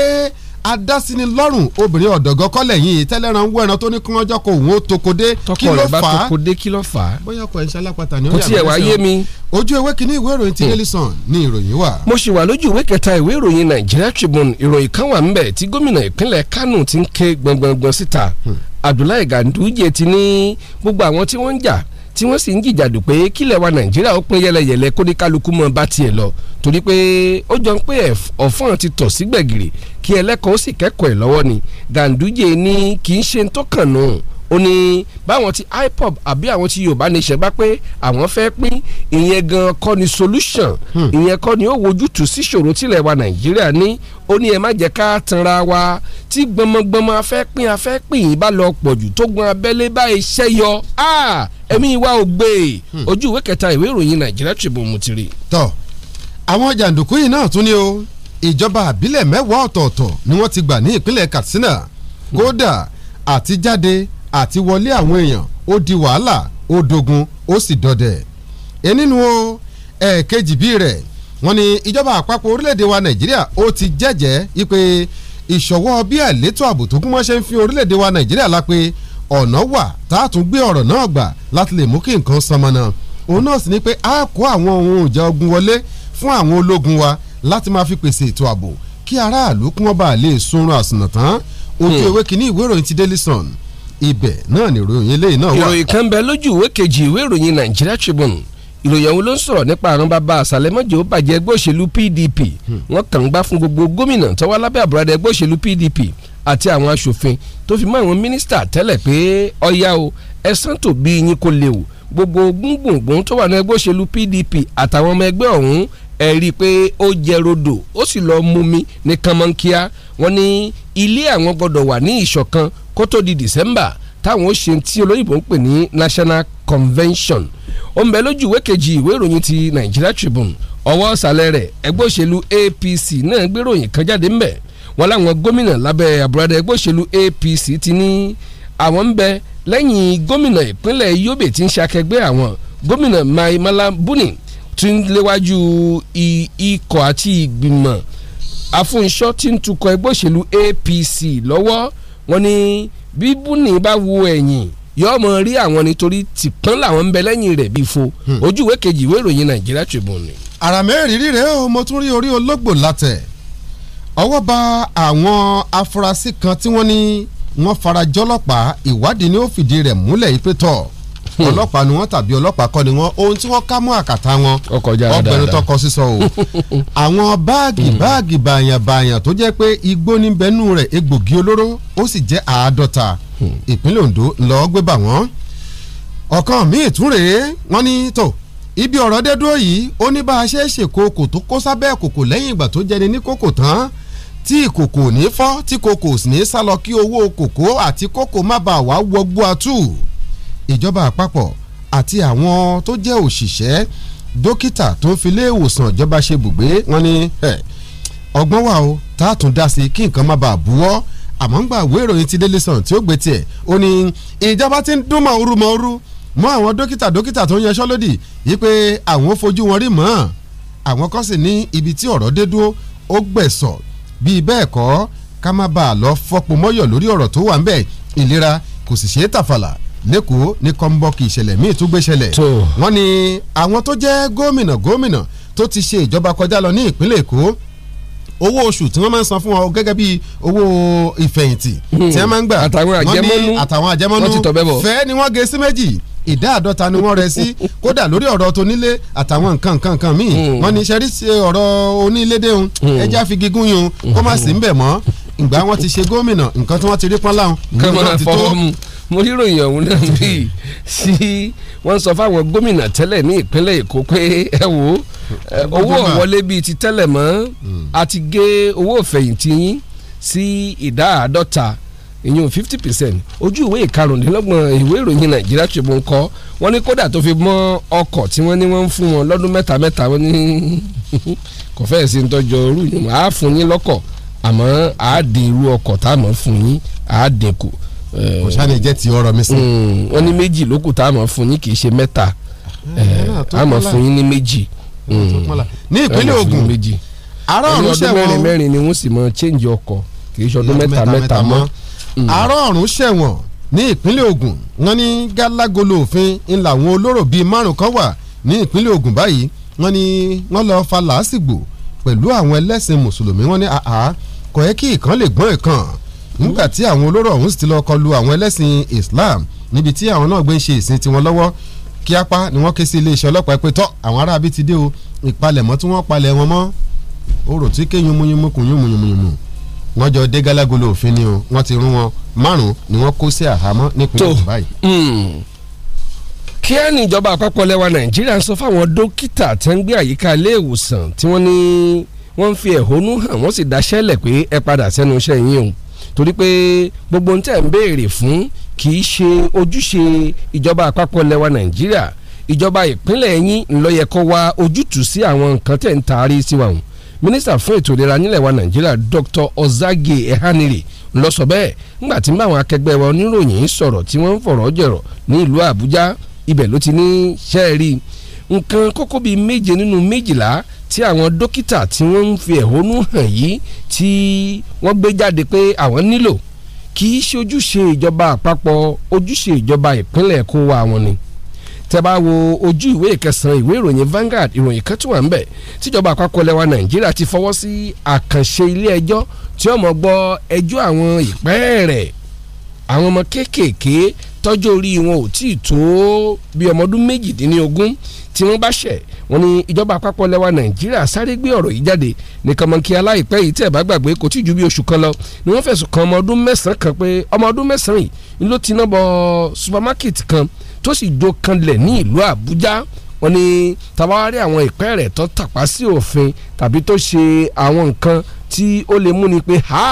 Speaker 12: adásínilọ́rùn obìnrin ọ̀dọ̀gọ́ kọ́lẹ̀ yìí tẹ́lẹ̀ràn ń wọ ẹran tó ní kí wọ́n jọ kó òun ó tokodé kí ló fà á tokodé kí ló fà á. bóyá ọkọ̀ ẹ̀ṣẹ́ alápatà ni ó yà lọ́sẹ̀ kò tiẹ̀ wá yé mi. ojú ewé kínní ìwé ìròyìn ti hmm. Daily Sun ni ìròyìn wà. mo ṣì wà lójú ìwé kẹta
Speaker 13: ìwé ìròyìn Nigeria Tribune ìròyìn kan wà ńbẹ̀ tí gómìnà ìpínlẹ̀ Kánò ti ń ké gbọngbọngbọn síta hmm. Abdullahi Ganduje ti ní gbogbo àwọn tí wọ́n ń jà tí wọ́n sì ń jìjàdù pé kílẹ̀ wa nàìjíríà ó pín yẹlẹyẹlẹ kó ní kálukú mọ́ bá tiẹ̀ lọ torí pé ó jọ ń pé ọ̀fọ́n ti tọ̀ sí gbẹ̀gìrì kí ẹlẹ́kọ̀ọ́ ó sì kẹ́kọ̀ọ́ ẹ̀ lọ́wọ́ ni Ganduje ní kì í ṣe ń tó kàn nù ó ní báwọn ti IPOB àbí àwọn ti Yorùbá Nation bá pé àwọn fẹ́ pín ìyẹn gan kọ́ ni solution hmm. ìyẹn kọ́ ni ó wojútùú sí ṣòro tílẹ̀ wa nàìjíríà ní ó ní ẹ má jẹ́ ká tanra wa tí gbọmọgbọmọ afẹ́pín afẹ́pín yìí bá lọ pọ̀jù tó gun abẹ́lé bá iṣẹ́ yọ ẹ̀mí wa ò gbé e hmm. ojú ìwé kẹta ìwé ìròyìn Nàìjíríà Tribune mo ti rí.
Speaker 12: tọ́ àwọn jàǹdùkú yìí náà tún ni o ìjọba àbílẹ̀ mẹ́wàá ọ̀tọ̀ọ̀tọ̀ ni wọ́n ti gbà ní ìpínlẹ̀ Katsina hmm. kódà àti jáde àti wọlé àwọn èèyàn ó di wàhálà ó dogun ó sì dọdẹ ẹnínú o ẹ̀ẹ̀kejì bíi rẹ̀ wọ́n ní ìjọba àpapọ̀ orílẹ̀-èdè wa Nàìjíríà ó ti jẹ́jẹ́ ipe ìṣọwọ́ bí àlétò ààbò tó kún mọ́ ṣe ń fi orílẹ̀-èdè wa Nàìjíríà lápé ọ̀nà wà tá a tún gbé ọ̀rọ̀ náà gbà láti lè mú kí nǹkan sanmọ́nà òun náà sì ni pé a kó àwọn ohun ìjà ogun wọlé fún àwọn ológun wa láti máa fi pèsè ètò ààbò kí aráàlú kún wọn bá lè sunrun àsùnà tán ojú hmm. ewé kínní ìwé ìròyìn ti Daily Sun ibẹ̀ náà ni ìròyìn eléyìí náà wà. ìròyìn
Speaker 13: kan bẹ lójú ìwé kejì ìwé ìròyìn Nigeria Tribune ìròyìn ọ̀hún ló ń sọ̀rọ̀ nípa àrùn bàbá àsàlẹ̀mọ́jọ́ bàjẹ́ ẹgbẹ́ òṣèlú PDP hmm. wọ́n kàn ń gbá fún gbogbo gómìnà tó lábẹ́ àbúradà ẹgbẹ́ òṣèlú PDP àti àwọn aṣòfin tó fi mọ́ àwọn mínísítà tẹ́lẹ̀ pé ọ̀yá o ẹ̀sán tó bí yín kò léwu gbogbo gbùngbùngbùn tó wà ní ẹgbẹ́ òṣèlú PDP àtàwọn ọmọ ẹgbẹ́ ọ̀hún ẹ rí i pé ó jẹ rodò ó sì lọ́ọ́ mú ní kánmọ́nkíá wọ́n ní ilé àwọn gbọ́dọ̀ wà ní ìṣọ̀kan kó tó di December táwọn ó ṣe tí olóyìnbó ń pè ní National Convention ó ń bẹ lójú ìwé kejì ìwé ìròyìn ti Nigeria Tribune ọwọ́ ọ̀sàlẹ̀ rẹ̀ ẹgbẹ́ òṣèlú APC náà gbéròyìn kan jáde ńbẹ̀ wọn láwọn gómìnà lábẹ́ àbúradà ẹgbẹ́ òṣèlú APC ti ní àwọn ń bẹ lẹ́yìn gómìnà ìpínlẹ̀ Yobe ti ń ṣakẹgbẹ́ àwọn gómìnà Mai Mala Buni ti ń léwájú ikọ̀ àti ìgbìmọ̀ afúnṣọ́ ti ń tukọ̀ ẹgbẹ́ òṣèlú APC lọ́wọ́ wọn ni bí Buni bá wo ẹ̀yìn yóò mọ rí àwọn nítorí tìpọ́n làwọn ń bẹ lẹ́yìn rẹ̀ bí fo hmm. ojú ìwé kejì ìwé ìròyìn Nàìjíríà Tribune.
Speaker 12: àràmẹ́rìírí rẹ̀ ó mo tún rí orí ológbò látẹ̀ ọwọ́ bà àwọn afurasí kan tí wọ́n ní wọ́n fara jọlọ́pàá ìwádìí ni ó fìdí rẹ̀ múlẹ̀ yìí pé tọ̀ hmm. ọlọ́pàá ni wọ́n tàbí ọlọ́pàá kọ́ ni wọ́n ohun tí wọ́n ká mọ́ àkàtà wọn ọgbẹ́ni tọkọ sísọ o àwọn báàgì hmm. báàgì bàyàn bàyàn tó jẹ́ pé igbó ní bẹ́nu rẹ̀ egbògi olóró ó sì jẹ́ àádọ́ta hmm. ìpínlẹ̀ Ondo lọ́ọ́ gbé bà wọ́n ọ̀kan míì tún rèé wọ́n ní tó ibi ọ̀rọ̀ dé dúró yìí ó ní bá a ṣe é ṣèkókò tó kó sábẹ́ kòkò lẹ́yìn ìgbà tó jẹni ní kòkò tán tí ìkòkò ní fọ́ tí kòkò ní sálọ kí owó kòkó àti kòkó má bàa wá wọgbó àtù ìjọba àpapọ̀ àti àwọn tó jẹ́ òṣìṣẹ́ dókítà tó ń filé ìwòsàn ìjọba ṣe bùgbé wọn ni ọgbọ́n wà o tá a tún dá sí kí nǹkan má bàa buwọ́ àmọ́ ń gbà ìwé ìròyìn ti délé sàn tí ó gbé tiẹ̀ ó ní ìjọba ti ń dún mọ́ orú mọ́ orú mọ́ àwọn dókítà dókítà tó ń yanṣọ́ lódì yìí pé àwọn fojú wọn rí mọ́ àwọn kan sì ní ibi tí ọ̀rọ̀ dé dúró ó gbẹ̀sọ̀ bíi bẹ́ẹ̀ kọ́ ká má bàa lọ fọ́pọ̀ mọ́yọ̀ lórí ọ̀rọ̀ tó wà ń bẹ̀ ìlera kò sì ṣeé tàfàlà lẹ́kọ̀ọ́ ní kọ́ńbọ́ọ̀kì ìṣẹ̀lẹ̀ míì tún gbé ṣẹlẹ̀ wọ́n ní àwọn tó jẹ́ gómìnà gómìnà tó ti ṣe ìjọba kọjá lọ ní ìpínlẹ̀ èkó owó oṣù tí wọ́n máa ń san fún wọn gẹ́gẹ́ bí owó ìfẹ̀yìntì hmm. tí wọ́n máa ń gbà wọ́n ní àtàwọn àjẹmọ́nú fẹ́ ni wọ́n gé sí méjì ìdá àádọ́ta ni wọ́n rẹ sí kódà lórí ọ̀rọ̀ tónílé àtàwọn nǹkan nǹkan nǹkan míì hmm. wọ́n ní sẹ́rí ṣe ọ̀rọ̀ onílédè hmm. ẹja fi gígùn yun kó má sí ń bẹ̀ mọ́ ìgbà wọn ti ṣe gómìnà nǹkan tí wọ́n ti rí pọ́n láwọn mo ríròyìn ọ̀hún náà bí sí wọ́n sọ fáwọn gómìnà tẹ́lẹ̀
Speaker 13: ní ìpínlẹ̀ èkó pé ẹ wo owó ọ̀wọ́lé bíi ti tẹ́lẹ̀ mọ́ àti hmm. gé owó ìfẹ̀yìntì yín sí ìdá àádọ́ta ìyún fifty percent ojú ìwé ìkarùndínlọ́gbọ̀n ìwé ìròyìn nàìjíríà Tribune ń kọ́ wọ́n ní kódà tó fi mọ́ ọkọ̀ tí wọ́n ní wọ́n ń fún wọn lọ́dún mẹ́ta mẹ́ta wọ́n ní kò fẹ́ẹ̀ sí ń tọ́jú orú yìí wọ́n á fún yín lọ́kọ̀ àmọ́ àádìí irú ọkọ̀ tá a mọ̀ fún yín àádìí kù Eh, kò sáà lè jẹ́ ti ọ̀rọ̀ mi sí. Mm, wọ́n ní méjì ló kù tá a mọ̀ fún yín kì í ṣe mẹ́ta eh, eh, a mọ̀ fún yín ní méjì. Mm. ní ìpínlẹ̀ Ògùn ará ọ̀run ṣẹ̀wọ̀n ọdún mẹ́rin
Speaker 12: mẹ́rin ni wọ́n sì mọ change ọkọ̀ kì í ṣe ọdún mẹ́ta mẹ́ta mọ́. ará mm. ọ̀run ṣẹ̀wọ̀n ní ìpínlẹ̀ Ògùn wọ́n ní gálágolo òfin ń làwọn olóró bíi márùn kan wà ní ìpínlẹ̀ Ògùn báyìí wọ́n ní wọ́n lọ́ọ́ fa làásìgbò pẹ̀lú àwọn ẹlẹ́sìn mùsùlùmí wọ́n ní àhà kò yẹ kí ìkan lè gbọ́n ìkan nígbà tí àwọn olóró ọ̀hún sì ti lọ kọlu àwọn ẹlẹ́sìn Islam níbi tí àwọn náà gbé ń ṣe ìsìn tiwọn lọ́wọ́ kíápá ni wọ́n ké sí iléeṣẹ́ ọlọ́pàá pé tọ́ àwọn aráabí ti dé o ìpalẹ̀mọ́ tí wọ́n palẹ̀ wọn mọ́ orò tí ké yunmuyunmu kùn yunmuyunmu wọ́n jọ dé gálágolo òfin ni o wọ́n ti rún wọn márùn-ún ni wọ́n kó sí àhámọ́ nípínlẹ̀ Yorùbá yìí hmm. kí
Speaker 13: á ní wọ́n fi ẹ̀hónú hàn wọ́n sì dáṣẹ́lẹ̀ pé ẹ padà sẹ́nu iṣẹ́ yín o torí pé gbogbo ohun tẹ̀ ń béèrè fún kì í ṣe ojúṣe ìjọba àpapọ̀ lẹwa nàìjíríà ìjọba ìpínlẹ̀ yín ló yẹ kó wá ojútùú sí àwọn nǹkan tẹ̀ ń taari sí wa hùn mínísítà fún ètò ìlera nílẹ̀ wa nàìjíríà dr ozage ehanire ló bẹ́ẹ̀ nígbà tí báwọn akẹgbẹ́ wa oníròyìn sọ̀rọ̀ tí wọ́n ń fọ̀rọ̀ jẹ̀rọ̀ ní ìlú àbújá ibẹ̀ ló ti ní sẹ́ẹ̀rí nǹkan kókó bíi méje nínú méjìlá tí àwọn dókítà tí wọ́n ń fi ẹ̀hónú hàn yìí tí wọ́n gbé jáde pé àwọn nílò kì í ṣe ojúṣe ìjọba àpapọ̀ ojúṣe ìjọba ìpínlẹ̀ kó wa wọn ni tẹ́ bá wo ojú ìwé ìkẹsàn-án ìwé ìròyìn Vanguard ìròyìn kan tún wà ńbẹ̀ tíjọba àpapọ̀ lẹwa Nàìjíríà ti fọwọ́ sí àkànṣe ilé ẹjọ́ tí ó mọ̀ gbọ́ ẹjọ́ àwọn ìpẹ́ẹ̀rẹ̀ àwọn ọmọ kéékèèké tọ́jọ́ orí wọn ò tí ì tó bí ọmọ ọdún méjìdínlógún tí wọ́n bá ṣẹ̀ wọ́n ní ìjọba àpapọ̀ lẹ́wà nàìjíríà sáré gbé ọ̀rọ̀ yìí jáde nìkan mọ̀kí aláìpẹ́ yìí tẹ̀ bá gbàgbé kò tí ju bí oṣù kan lọ ni wọ́n fẹ̀sùn kan ọmọ ọdún mẹ́sàn kan pé ọmọ ọdún mẹ́sàn yìí ló ti ná bọ supermarket kan tó sì jó kanlẹ̀ ní ìlú àbújá wọ́n ní tàbáwárí àwọn ìpẹ́ rẹ̀ tó tàpá sí òfin tàbí tó ṣe àwọn nǹkan tí ó lè múni pé ha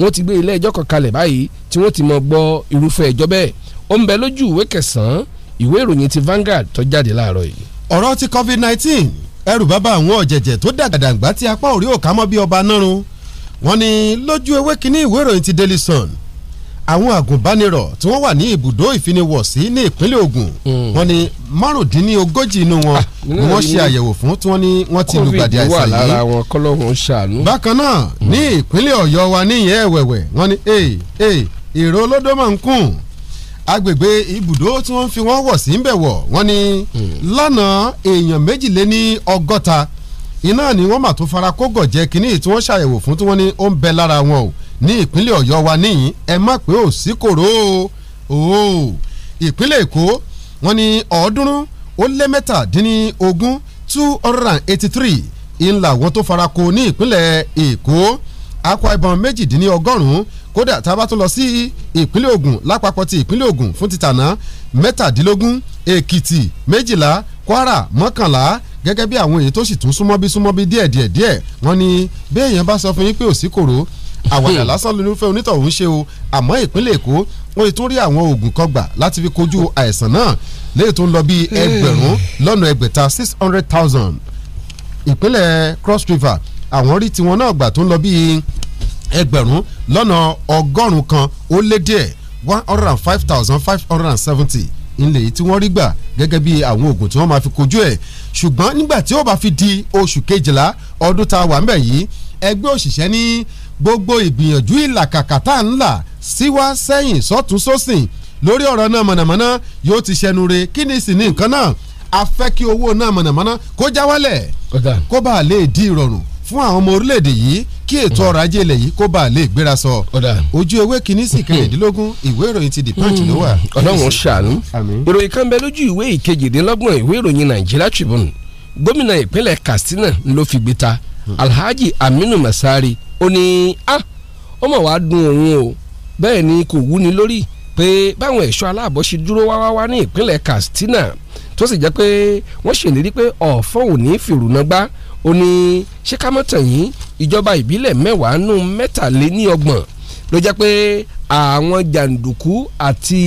Speaker 13: wọ́n ti gbé ilé ẹjọ́ kan kalẹ̀ báyìí tí wọ́n ti mọ gbọ́
Speaker 12: irúfẹ́ ẹjọ́ bẹ́ẹ̀ ó ń bẹ lójú ìwé kẹsàn-án ìwé ìròyìn ti Vanguard tó jáde láàárọ̀ yìí. ọ̀rọ̀ ti COVID-19 ẹrù bàbá àwọn ọ̀jẹ̀jẹ̀ tó dàgbàdàgbà tí apá òrí òkà mọ́ bí ọba nírun wọ́n ní lójú ewé kínní ìwé ìròyìn ti Daily Sun àwọn àgùnbánirọ̀ tí wọ́n wà ní ibùdó ìfiniwọ̀sí ní ìpínlẹ̀ Ògùn hmm. wọ́n ní márùndínlógójì inú wọn ah, ni wọ́n ṣe àyẹ̀wò fún tí wọ́n ní wọ́n ti lùgbàdì àìsàn
Speaker 13: yìí bákan
Speaker 12: náà ní hmm. ìpínlẹ̀ Ọ̀yọ́ wa níyẹn ẹ̀wẹ̀wẹ̀ wọ́n ní èrò olódó máa ń kùn agbègbè ibùdó tí wọ́n fi wọ́n wọ̀ sí ń bẹ̀ wọ̀ wọ́n ní hmm. lánàá èèyàn méjìléní ọgọ́ta iná ni wọ́n mà tó fara kó gọ̀jẹ́ kínní tí wọ́n ṣàyẹ̀wò fún tí wọ́n ní ó ń bẹ lára wọn o ní ìpínlẹ̀ ọ̀yọ́ wa níyìn ẹ má pé ò sí kòró o ìpínlẹ̀ èkó wọ́n ní ọ̀ọ́dúnrún ó lé mẹ́tàdínní ogún two hundred and eighty three ńlá wọn tó fara kó ní ìpínlẹ̀ èkó akwa ibom méjìdínní ọgọ́rùn-ún kódà tá a bá tún lọ sí ìpínlẹ̀ Ògùn lápapọ̀ ti ìpínlẹ̀ Ògùn fún ti tàná mẹ́tàdínlógún Èkìtì méjìlá Kwara mọ́kànlá gẹ́gẹ́ bí àwọn èyí tó sì tún súnmọ́ bí súnmọ́ bí díẹ̀ díẹ̀ díẹ̀ wọ́n ní bí èèyàn bá sọ fún yín pé ò sí kòró àwàdà lásán lólúfẹ́ onítọ̀hún ṣe o àmọ́ ìpínlẹ̀ Èkó wọ́n ti tún rí àwọn oògùn kan gbà láti fi kojú àìsàn náà léyìí tó ń lọ bí ẹgbẹ̀rún lọ́nà ẹgbẹ̀ta six hundred thousand ìpínlẹ̀ Cross River àwọn rí tiwọn náà gbà tó ń lọ bíi ẹgbẹ̀rún lọ́nà ọgọ́rùn-ún kan ó lé díẹ̀ one hundred and five thousand five hundred and seventy ilé tí wọ́n rí gbà gẹ́gẹ́ bí àwọn oògùn tí wọ́n máa fi kojú ẹ̀ ṣùgbọ́n nígbà tí ó bá fi di oṣù kejìlá ọdún tá a wà ń bẹ̀ yìí ẹgbẹ́ òṣìṣẹ́ ní gbogbo ìgbìyànjú ìlàkàkà tá à ń síwá sẹ́yìn sọ́tún sósìn lórí ọ̀rọ̀ náà mọ̀nàmọ́ná yóò ti ṣẹnu re kí ni sì ní nǹkan náà a fẹ́ kí owó náà mọ̀nàmọ́ná kó já wálẹ̀ kó bá a lè di ìrọ̀rùn fún àwọn ọmọ orílẹ̀-èdè yìí kí ètò ọrọ̀ ajé ilẹ̀ yìí kó bá a lè gbéra sọ ojú ewé kínní sí kẹrìndínlógún ìwé ìròyìn ti the punch ló wà. Hmm. ọlọ́run ṣàánú ìròyìn kan bẹ lójú ìwé ìkejìdínlọ́gbọ̀n ìwé ìròyìn
Speaker 13: nàìjíríà tribune gómìnà ìpínlẹ̀ katsina ló fi gbé ta alhaji aminu masari ó ní a ó mọ̀ wá dùn òun o bẹ́ẹ̀ ni kò wúni lórí pé báwọn ẹ̀ṣọ́ aláàbọ̀ ṣe dúró wáwáwá ní ìpínlẹ̀ katsina tó sì jẹ́ pé wọ́n ṣèlérí pé ọ̀fọ̀ òní fìrùnà gbá ó ní ṣé ká mọ́ tàn yín ìjọba ìbílẹ̀ mẹ́wàá nù mẹ́tàléníọgbọ̀n ló jẹ́ pé àwọn jàǹdùkú àti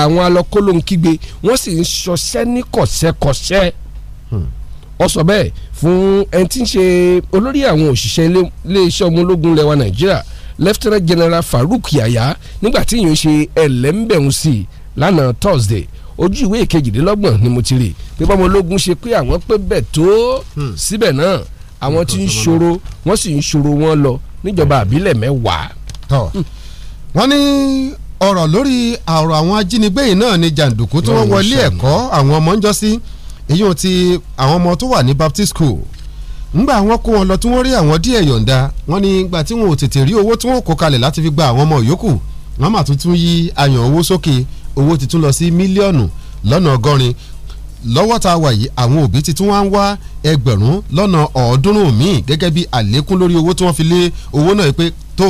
Speaker 13: àwọn alọ́kólóńkígbe wọ́n sì ń ṣọṣẹ́ ní kọ̀ṣẹ́kọ̀ṣẹ́ hmm. ó sọ bẹ́ẹ̀ fún ẹni tí ń ṣe olórí àwọn òṣìṣẹ́ iléeṣẹ́ ọmọ ológun nàìjíríà Lieutenant General Farouk Yaya nígbà tí yìí ń ṣe ẹlẹ́mbẹ̀hún sí lánàá Thursday ojú ìwé ìkejìdínlọ́gbọ̀n ni mo ti rí pé mo ológun ṣe pé àwọn pé bẹ́ẹ̀ tó hmm. síbẹ̀ náà àwọn tí ń hmm. ṣòro wọ́n sì ń ṣòro wọn lọ níjọba àbílẹ̀ hmm. mẹ́wàá.
Speaker 12: wọ́n ní ọ̀rọ̀ lórí ọ̀rọ̀ àwọn ajínigbé yìí náà ni jàǹdùkú tí wọ́n wọlé ẹ̀kọ́ àwọn ọmọ ń jọ sí èyí ò ti àwọn ọmọ tó wà ní Baptist school ńgbà wọn kó wọn lọ tí wọ́n rí àwọn díẹ̀ yọ̀ǹda wọ́n ní gbà tí wọn ò tètè rí owó tí wọ́n kó kalẹ̀ láti fi gba àwọn ọmọ yòókù wọ́n mà tuntun yí ayàn owó sókè. So owó ti tún lọ sí mílíọ̀nù lọ́nà ọgọ́rin lọ́wọ́ tá a wà yìí àwọn òbí ti tún wá ń wá ẹgbẹ̀rún lọ́nà ọ̀ọ́dúnrún míì gẹ́gẹ́ bí àlékún lórí owó tí wọ́n fi lé owó náà pé tó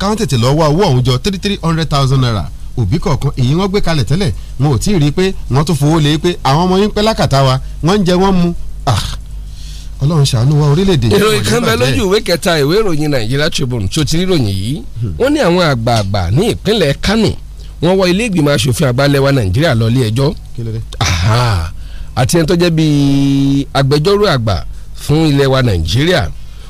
Speaker 12: káwọn tètè lọ owó ọ̀hún jọ three three hundred thousand naira òbí kọ̀ọ̀kan èyí wọ́n gbé kalẹ̀ tẹ́lẹ̀ wọn ò tí ì rí i pé wọ́n tún fowó lé e pé àwọn ọmọ yín pẹ́ lákàtà wa wọ́n ń jẹ wọ́n mu ah, ọlọ́run ṣàánú wa orílẹ̀-èdè yìí. ìròyìn kan bẹ lójú
Speaker 13: ìwé kẹta ìwé ìròyìn nàìjíríà tribune tó ti rí yìí hmm. wọ́n ní àwọn àgbààgbà ní ìpínlẹ̀ kánò wọ́n wọ́ ilé ìgbìmọ̀ asòfin àgbà lẹ̀ wa nàìjíríà lọ ilé ẹjọ́ àti ẹni tó jẹ́ bíi agbẹjọ́rò àgbà fún ilẹ̀ wa nàìjíríà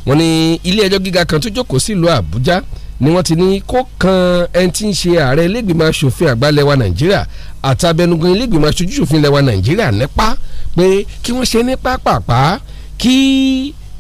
Speaker 13: wọ́n ní ilé ẹjọ́ gíga kan tó jókòó sílùú àbújá ni wọ́n ti ní kó kan ẹni tí ń ṣe ààrẹ ilé ìgbìmọ̀ asòfin àgbà lẹ̀ wa nàìjíríà àtàbẹnugan ilé ìgbìmọ̀ aṣojú ṣòfin lẹ̀ wa nàìjíríà nípa pé kí wọ́n ṣe ní pápápá kí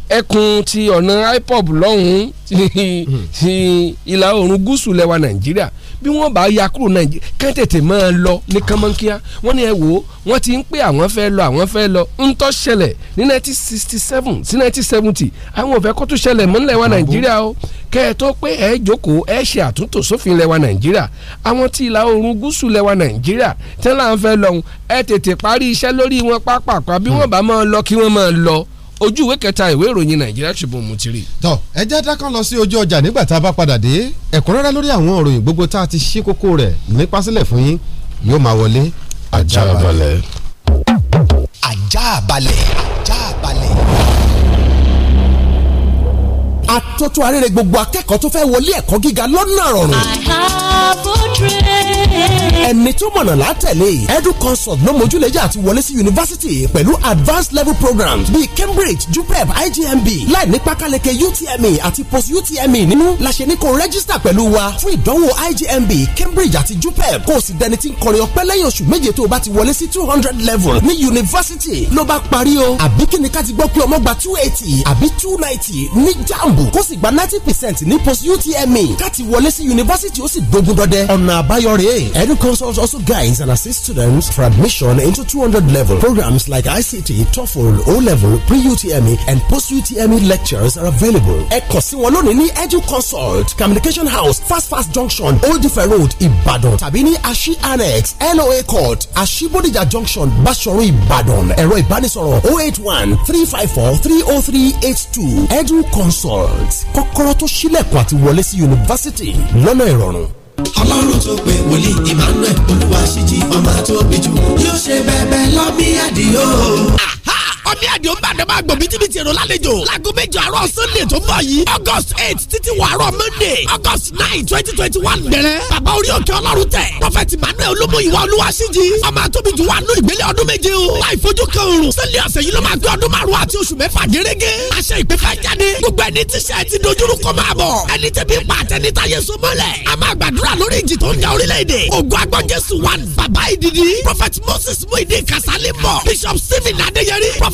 Speaker 13: ẹkùn ti ọ̀nà ipob lọ́hùn-ún ti hmm. ìlà oòrùn gúúsù lẹwa nàìjíríà bí wọ́n bá ya kúrò nàìjíríà kán tètè máa lọ ní kánmọ́nkíá wọ́n ní ẹ wò ó wọ́n ti ń pè àwọn fẹ́ lọ àwọn fẹ́ lọ ń tó ṣẹlẹ̀ ní 1967 sí 1970 àwọn ò fẹ́ kó tún ṣẹlẹ̀ mọ́ nílẹ̀ wa nàìjíríà o kẹ́ ẹ tó pé ẹ jókòó ẹ ṣe àtúntò sófin ilẹ̀ wa nàìjíríà àwọn tí ìlà oòrùn gúúsù ilẹ̀ nàìjíríà tẹ́lá ń fẹ́ lọ́hùn ẹ tètè parí iṣẹ́ lórí wọn pápákọ̀ bí hmm. wọ́n bá máa lọ kí wọ́n máa lọ ojú ìwé kẹta ìwé ìròyìn nàìjíríà Tribune mú ti rí.
Speaker 12: tọ ẹ já dákan lọ sí ojú ọjà nígbà tá a bá padà dé ẹ̀kúnrẹ́rẹ́ lórí àwọn ìròyìn gbogbo tá a ti ṣí kókó rẹ̀ nípasílẹ̀ fún yín yóò máa wọlé àjàbalẹ̀. àjàbalẹ̀
Speaker 8: àjàbalẹ̀
Speaker 10: àtótó arére gbogbo akẹ́kọ̀ọ́ tó fẹ́ wọlé ẹ̀kọ́ gíga lọ́nà rọrùn. I
Speaker 8: have a dream.
Speaker 6: ẹni tó mọ̀nà látẹ̀lé edu consult ló mójúlẹ̀jà àti wọlé sí yunifásitì pẹ̀lú advanced
Speaker 8: level programs bíi Cambridge JUPEB IJMB láì ní pákáleke UTME àti post UTME nínú la ṣe ní kó rẹ́gísítà pẹ̀lú wa fún ìdánwò IJMB Cambridge àti JUPEB kó
Speaker 6: o sì dẹni tí ń kọrin ọpẹ́ lẹ́yìn oṣù méje tó o bá ti wọlé sí two hundred level ní yunifásitì ló bá parí o àbí kíni ká ti gbọ́ pé ọmọ gba two eighty àbí two ninety ní JAMB jambu kó sì gba ninety percent ní post utme káti wọlé sí yunifásitì ó sì gbógun dọdẹ ọ̀nà àbáyọ rèé edu consult also guides and assist students for admission into two hundred level programs like ict toefl o level pre-utme and post-utme lectures are available ẹ kàn sí wọn lónìí ní edu consult communication house fast fast junction old ife road Ibadan. tàbí ní ashi annex noa court ashibodija junction basoro Ibadan. ẹ̀rọ ìbánisọ̀rọ̀ oh eight one three five four three oh three eight two edu consult. World kọ́kọ́rọ́ tó ṣílẹ̀kùn àti wọlé sí yunifásítì lọ́nà ìrọ̀rùn
Speaker 8: ọlọ́run tó pè wòlíì emmanuel olúwa ṣíjí ọmọ tó bí jù yóò ṣe bẹ̀bẹ̀ lọ́mí àdìo ọní àdìo ń bàdàn máa gbọ̀n bítíbitì èrò lálejò láago méjọ àárọ̀ sunday tó ń bọ̀ yìí august eight títí wọ àárọ̀ monday august nine twenty twenty one bẹ̀rẹ̀ bàbá orí òkè ọlọ́run tẹ̀ prophet emmanuel olómòyìnwá olúwaṣíjì ọmọ àtòbìjù wà nù ìgbélé ọdún méje o láì fojú kan òrùn sunday ọ̀sẹ̀ yìí ló máa gbé ọdún márùn àti oṣù mẹ́fà gẹ́gẹ́ àṣẹ ìpè fẹ́ jáde gbogbo ẹni tíṣẹ́ ti dojúrú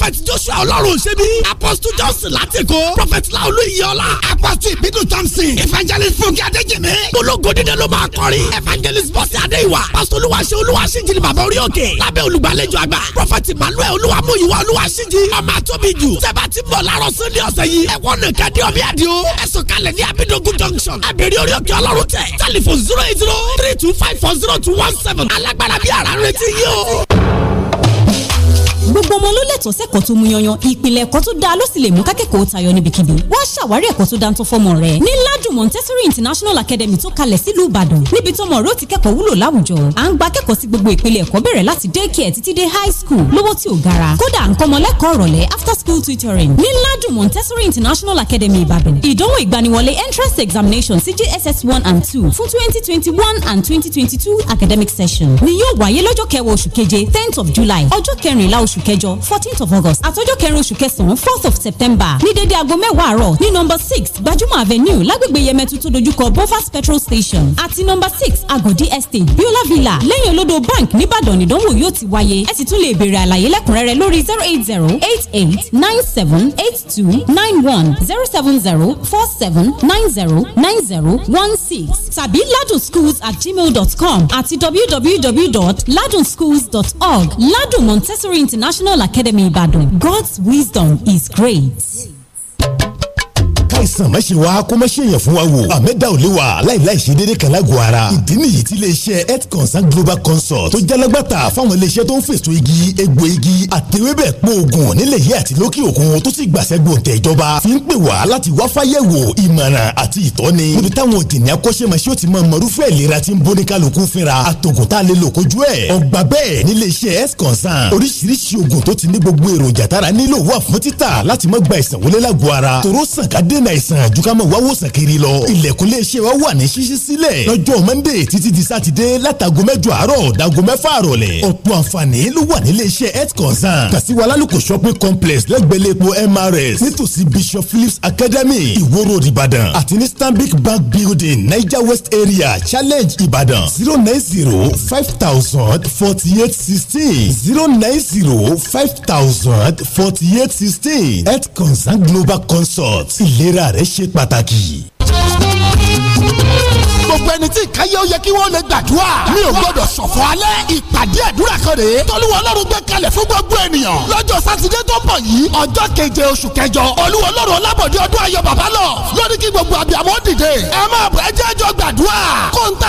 Speaker 8: prophet joshua ọlọ́run ṣẹ́bi apostle johnson látìkó prophet laolu iyọlá apostle ìbídùn thompson evangelist fúnkẹ́ adéjìmí ológo dídé ló máa kọrin evangelist bọ́sẹ̀ adéìwà pastor olúwaṣẹ́ olúwaṣíjì ni bàbá orí òkè lábẹ́ olùgbàlejò àgbà prophet emmanuel olúwamúyíwá olúwaṣíjì ọmọ àtúbìjù sẹba ti bọ̀ láàárọ̀ sunday ọ̀sẹ̀ yìí ẹ̀wọ̀n nìkan ní ọ̀bí àdìo ẹ̀sùn kalẹ̀ ní abidogun junction abèrè orí òkè ọlọ́run tẹ̀ tẹlifon zero eight zero three two five four zero two one seven alágbára bíi àrà ń retí yìí o gbogbo ọmọ ló lẹ́tọ̀ọ́
Speaker 7: sẹ́kọ̀ọ́ tó mú yanyan ìpìlẹ̀ ẹ̀kọ́ tó dáa ló sì lè mú kákẹ́kọ̀ọ́ tayọ níbikíbi wá ṣàwárí ẹ̀kọ́ tó dáńtọ́ fọ́mọ rẹ ní ládùn montessori international academy tó kalẹ̀ sílùú ìbàdàn níbi tọ́mọ rẹ ó ti kẹ́kọ̀ọ́ wúlò láwùjọ à ń gba kẹ́kọ̀ọ́ sí gbogbo ìpele ẹ̀kọ́ bẹ̀rẹ̀ láti daycare títí dé high school lówó tí gara kódà à ń kọ́ ọmọ after school tutoring ní ládùn montessori international academy ìbàdàn ìdánwò ìgbaniwọlé entrance examination sí one and two fún twenty and twenty academic session ni yóò wáyé lọ́jọ́ kẹwàá oṣù of july ọjọ́ kẹrìnlá oṣù oṣù kẹjọ fourteenth of august àtọjọ́ kẹrin oṣù kẹsàn fourth of september ní dédé aago mẹ́wàá àárọ̀ ní number six gbajúmọ̀ avenue lágbègbè yẹmẹtu tó dojúkọ bovas petrol station àti number six agodi estate biola villa lẹ́yìn olódò bank nìbàdàn ìdánwò yóò ti wáyé ẹ sì tún lè béèrè àlàyé lẹ́kùnrẹ́rẹ́ lórí zero eight zero eight eight nine seven eight two nine one zero seven zero four seven nine zero nine zero one six tàbí ladunschools at gmail dot com àti www dot ladunschools dot org ladun montessori international. National Academy Ibadan. God's wisdom is great.
Speaker 6: káìsàn má ṣe wá kó má ṣe yàn fún wa wò àmẹ́dá ò lè wà láìláì ṣe déédéé kan lágọ̀ọ́ ara ìdí nìyí tí iléeṣẹ́ health consult global consult tó jalagbàtà fáwọn iléeṣẹ́ tó ń fèsò igi egbò igi àtẹwébẹ̀ pọ̀ ògùn nílẹ̀ yìí àti lókè òkun tó sì gbàṣẹ́ gbòǹtẹ̀ ìjọba fi ń pè wá láti wá fáyẹ̀wò ìmọ̀ràn àti ìtọ́ni níbi táwọn òtẹ̀ní akọ́ṣẹ́mọṣẹ́ ò ti mọ mọ̀rúfẹ́ ìlera tí ń bóni kálukú fínra àtògùn tá a lè lò kojú ẹ̀ ọgbà bẹ́ẹ̀ nílé iṣẹ́ health consult oríṣiríṣi ògùn tó ti ní gbogbo èròjà tára nílò wà fún títà láti má gba ìsànwọlé gómìnà àìsàn àjùkámọ̀ wá wòsàn kiri lọ. ilẹ̀kùn iléeṣẹ́ wa wà ní ṣíṣí sílẹ̀ lọ́jọ́ monday títí di sátidé látago mẹ́jọ àárọ̀ dago mẹ́fà àrọ̀lẹ̀. ọ̀pọ̀ àǹfààní ló wà níléeṣẹ́ health concern kàṣíwá lálùkò shopping complex lẹ́gbẹ̀lẹ́pọ̀ mrs nítòsí bishop phillips academy ìwó road ìbàdàn àti ní stanbic bank building niger west area challenge ìbàdàn zero nine zero five thousand forty eight sixteen zero nine zero five thousand
Speaker 8: forty eight sixteen health concern global consult ilé ìlera rẹ ṣe pàtàkì gbogbo ẹni tí ìkáyé ó yẹ kí wọ́n lè gbàdúrà mi ò gbọ́dọ̀ ṣọ̀fọ̀ alẹ́ ìpàdé àdúrà kan rèé tolúwa ọlọ́run gbé kalẹ̀ fún gbogbo ènìyàn lọ́jọ́ sátidé tó ń bọ̀ yìí ọjọ́ keje oṣù kẹjọ olúwa ọlọ́run ọlábọ̀dé ọdún ayọ̀ bàbá lọ lórí kí gbogbo abiyamọ dìde ẹ máa bọ̀ ẹ jẹ́ ẹjọ́ gbàdúrà kó ń tà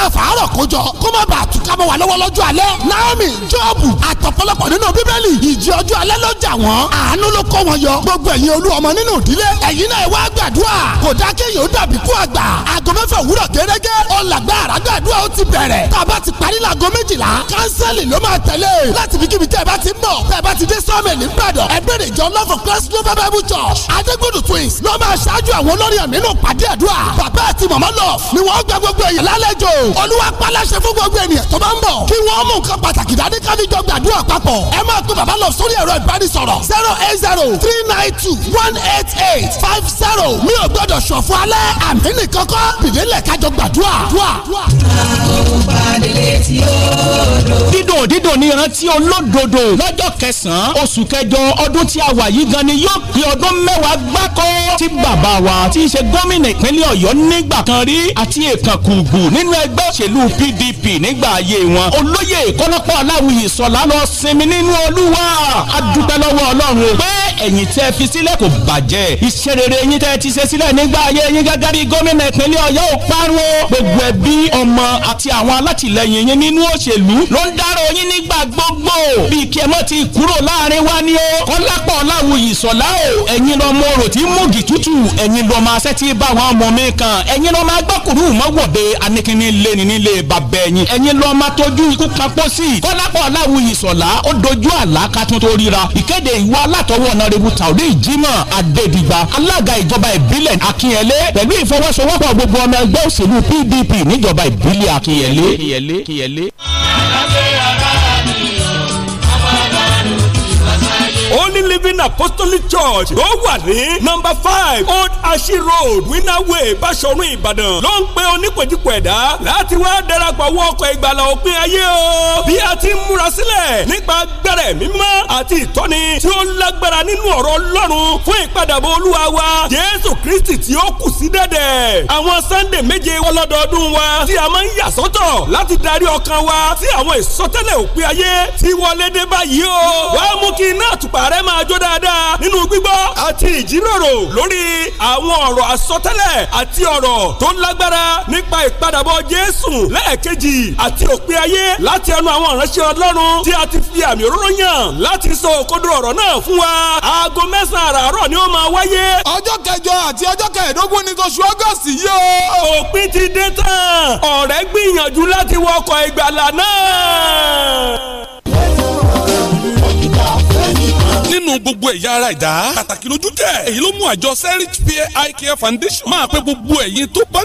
Speaker 8: naomi jọ́ọ̀bù àtọ̀pọ̀lọpọ̀ nínú bíbélì ìjì ọjọ́ alẹ́ ló jà wọ́n àánú ló kó wọn yọ gbogbo ẹ̀yin olú ọmọ nínú ìdílé ẹ̀yin náà wá gbàdúrà kò àgọ́ mẹ́fà òwúrọ̀ gẹ́gẹ́ ọ̀làgbà àràgbàdua ó ti bẹ̀rẹ̀ tá a bá ti parí laago méjìlá kánsẹ́lì ló máa tẹ̀lé láti fi kíbi tẹ́ ẹ bá ti ń bọ̀ tẹ́ ẹ bá ti dé sọ́ọ̀mẹ̀ ní Ìbàdàn ẹgbẹ́rẹ̀ ìjọ lọ́fọ̀ christ global bible church adégbòdù twins ló máa ṣáájú àwọn olórin àmì nínú pàdé àdúrà bàbá àti màmá lọ ni wọ́n gba gbogbo èèyàn lálejò olúwa paláṣẹ fún gbogbo ènìyàn tó bá ń bọ̀ kí wọ́n mú nǹkan pàtàkì dání àdúrà.
Speaker 4: àwọn padìlẹ̀ tí ó lò.
Speaker 10: dídùn dídùn ni ìrántí olódodo lọ́jọ́ kẹsàn-án oṣù kẹjọ ọdún tí a wà yìí gan ni yóò pé ọdún mẹ́wàá gbáko tí bàbá wa tí í ṣe gómìnà ìpínlẹ̀ ọ̀yọ́ nígbà kan rí àti èkánkulù nínú ẹgbẹ́ òṣèlú pdp nígbà ayé wọn olóyè kọ́lọ́pọ̀ aláwìyí sọ̀lá lọ sinmi nínú olúwa adúpẹ́ lọ́wọ́ ọlọ́run pé ẹ̀yìn tẹ́ fi sílẹ̀ kò bàjẹ́ iṣẹ́ rere yín tẹ́ ti ṣe sílẹ̀ nígbà ayé yín gẹ́gẹ́ bí gómìnà ìpínlẹ̀ ọ̀yọ́ ò gbogbo ẹbí ọmọ àti àwọn alátìlẹyìn yín nínú òṣèlú ló ń dárò yín nígbà gbogbo bí kí ti kúrò láàrin wa ni ó kọ́lápọ̀ láwùyí sọ̀lá o ẹ̀yin lọ mọ orò múgi tútù ẹ̀yin lọ máa ṣẹ́ bá wọn ọmọ mi kan ẹ̀yin lọ máa gbọ́kùrú mọ́wọ́de anìkíní lẹ́ni nílé bàbá ẹ̀yin ẹ̀yin lọ máa tọ́jú ikú kan pósí kọ́lápọ̀ láwùyí sọ̀lá ó dojú àlá ká tún tó ríra ìkéde ìwà alátọwọ́ ọ̀nàrẹ́bù tàwọ́dé ìjímọ̀ adédìgbà alága ìjọba ìbílẹ̀ akínyẹlé pẹ̀lú ìfọwọ́sowọ́pọ̀ gbogbo ọmọ ẹgbẹ́ òṣèlú pd PDP níjọba ìbílẹ̀ Akínyẹlé.
Speaker 9: living apostolic church ó wà ní number five old ashi road winner way basọ̀run ìbàdàn ló ń pe onípojúpọ̀ ẹ̀dá láti wá darapọ̀ wọ ọkọ̀ ìgbàlà òpin ayé o bí a ti ń múra sílẹ̀ nípa gbẹrẹ mímọ́ àti ìtọ́ni tí ó lágbára nínú ọ̀rọ̀ ọlọ́run fún ìpadàbọ̀ olúwa wa jésù kristi tí ó kù sí dẹ́dẹ̀ àwọn sunday méje ọlọ́dọọdún wa tí a máa ń yà sọ́tọ̀ láti darí ọkàn wa sí àwọn ìsọtẹ́lẹ̀ òpin ayé tí wọlé dé báyìí o wàá mú kí iná àtùpà rẹ máa jó jó dáadáa nínú gbígbọ́ àti ìjíròrò lórí àwọn ọ̀rọ̀ àsọtẹ́lẹ̀ àti ọ̀rọ̀ tó lágbára nípa ìpadàbọ̀ Jésù lẹ́ẹ̀kejì àti òpin ayé láti ẹnu àwọn ìránṣẹ́ Ọlọ́run tí a ti fi àmì òróró yàn láti sọ òkodo ọ̀rọ̀ náà fún wa aago mẹ́sàn-án àràárọ̀ ni ó máa wáyé. ọjọ́ kẹjọ àti ọjọ́ kẹẹ̀ẹ́dógún ni oṣù August yìí o. òpin ti dé tán ọ̀rẹ́ gbìyànjú láti wọkọ̀ nínú gbogbo
Speaker 1: ẹ̀yà ara ìdá pàtàkì lójú tẹ̀ èyí ló mú àjọ serit pay eye care foundation máa pẹ́ gbogbo ẹ̀yin tó bá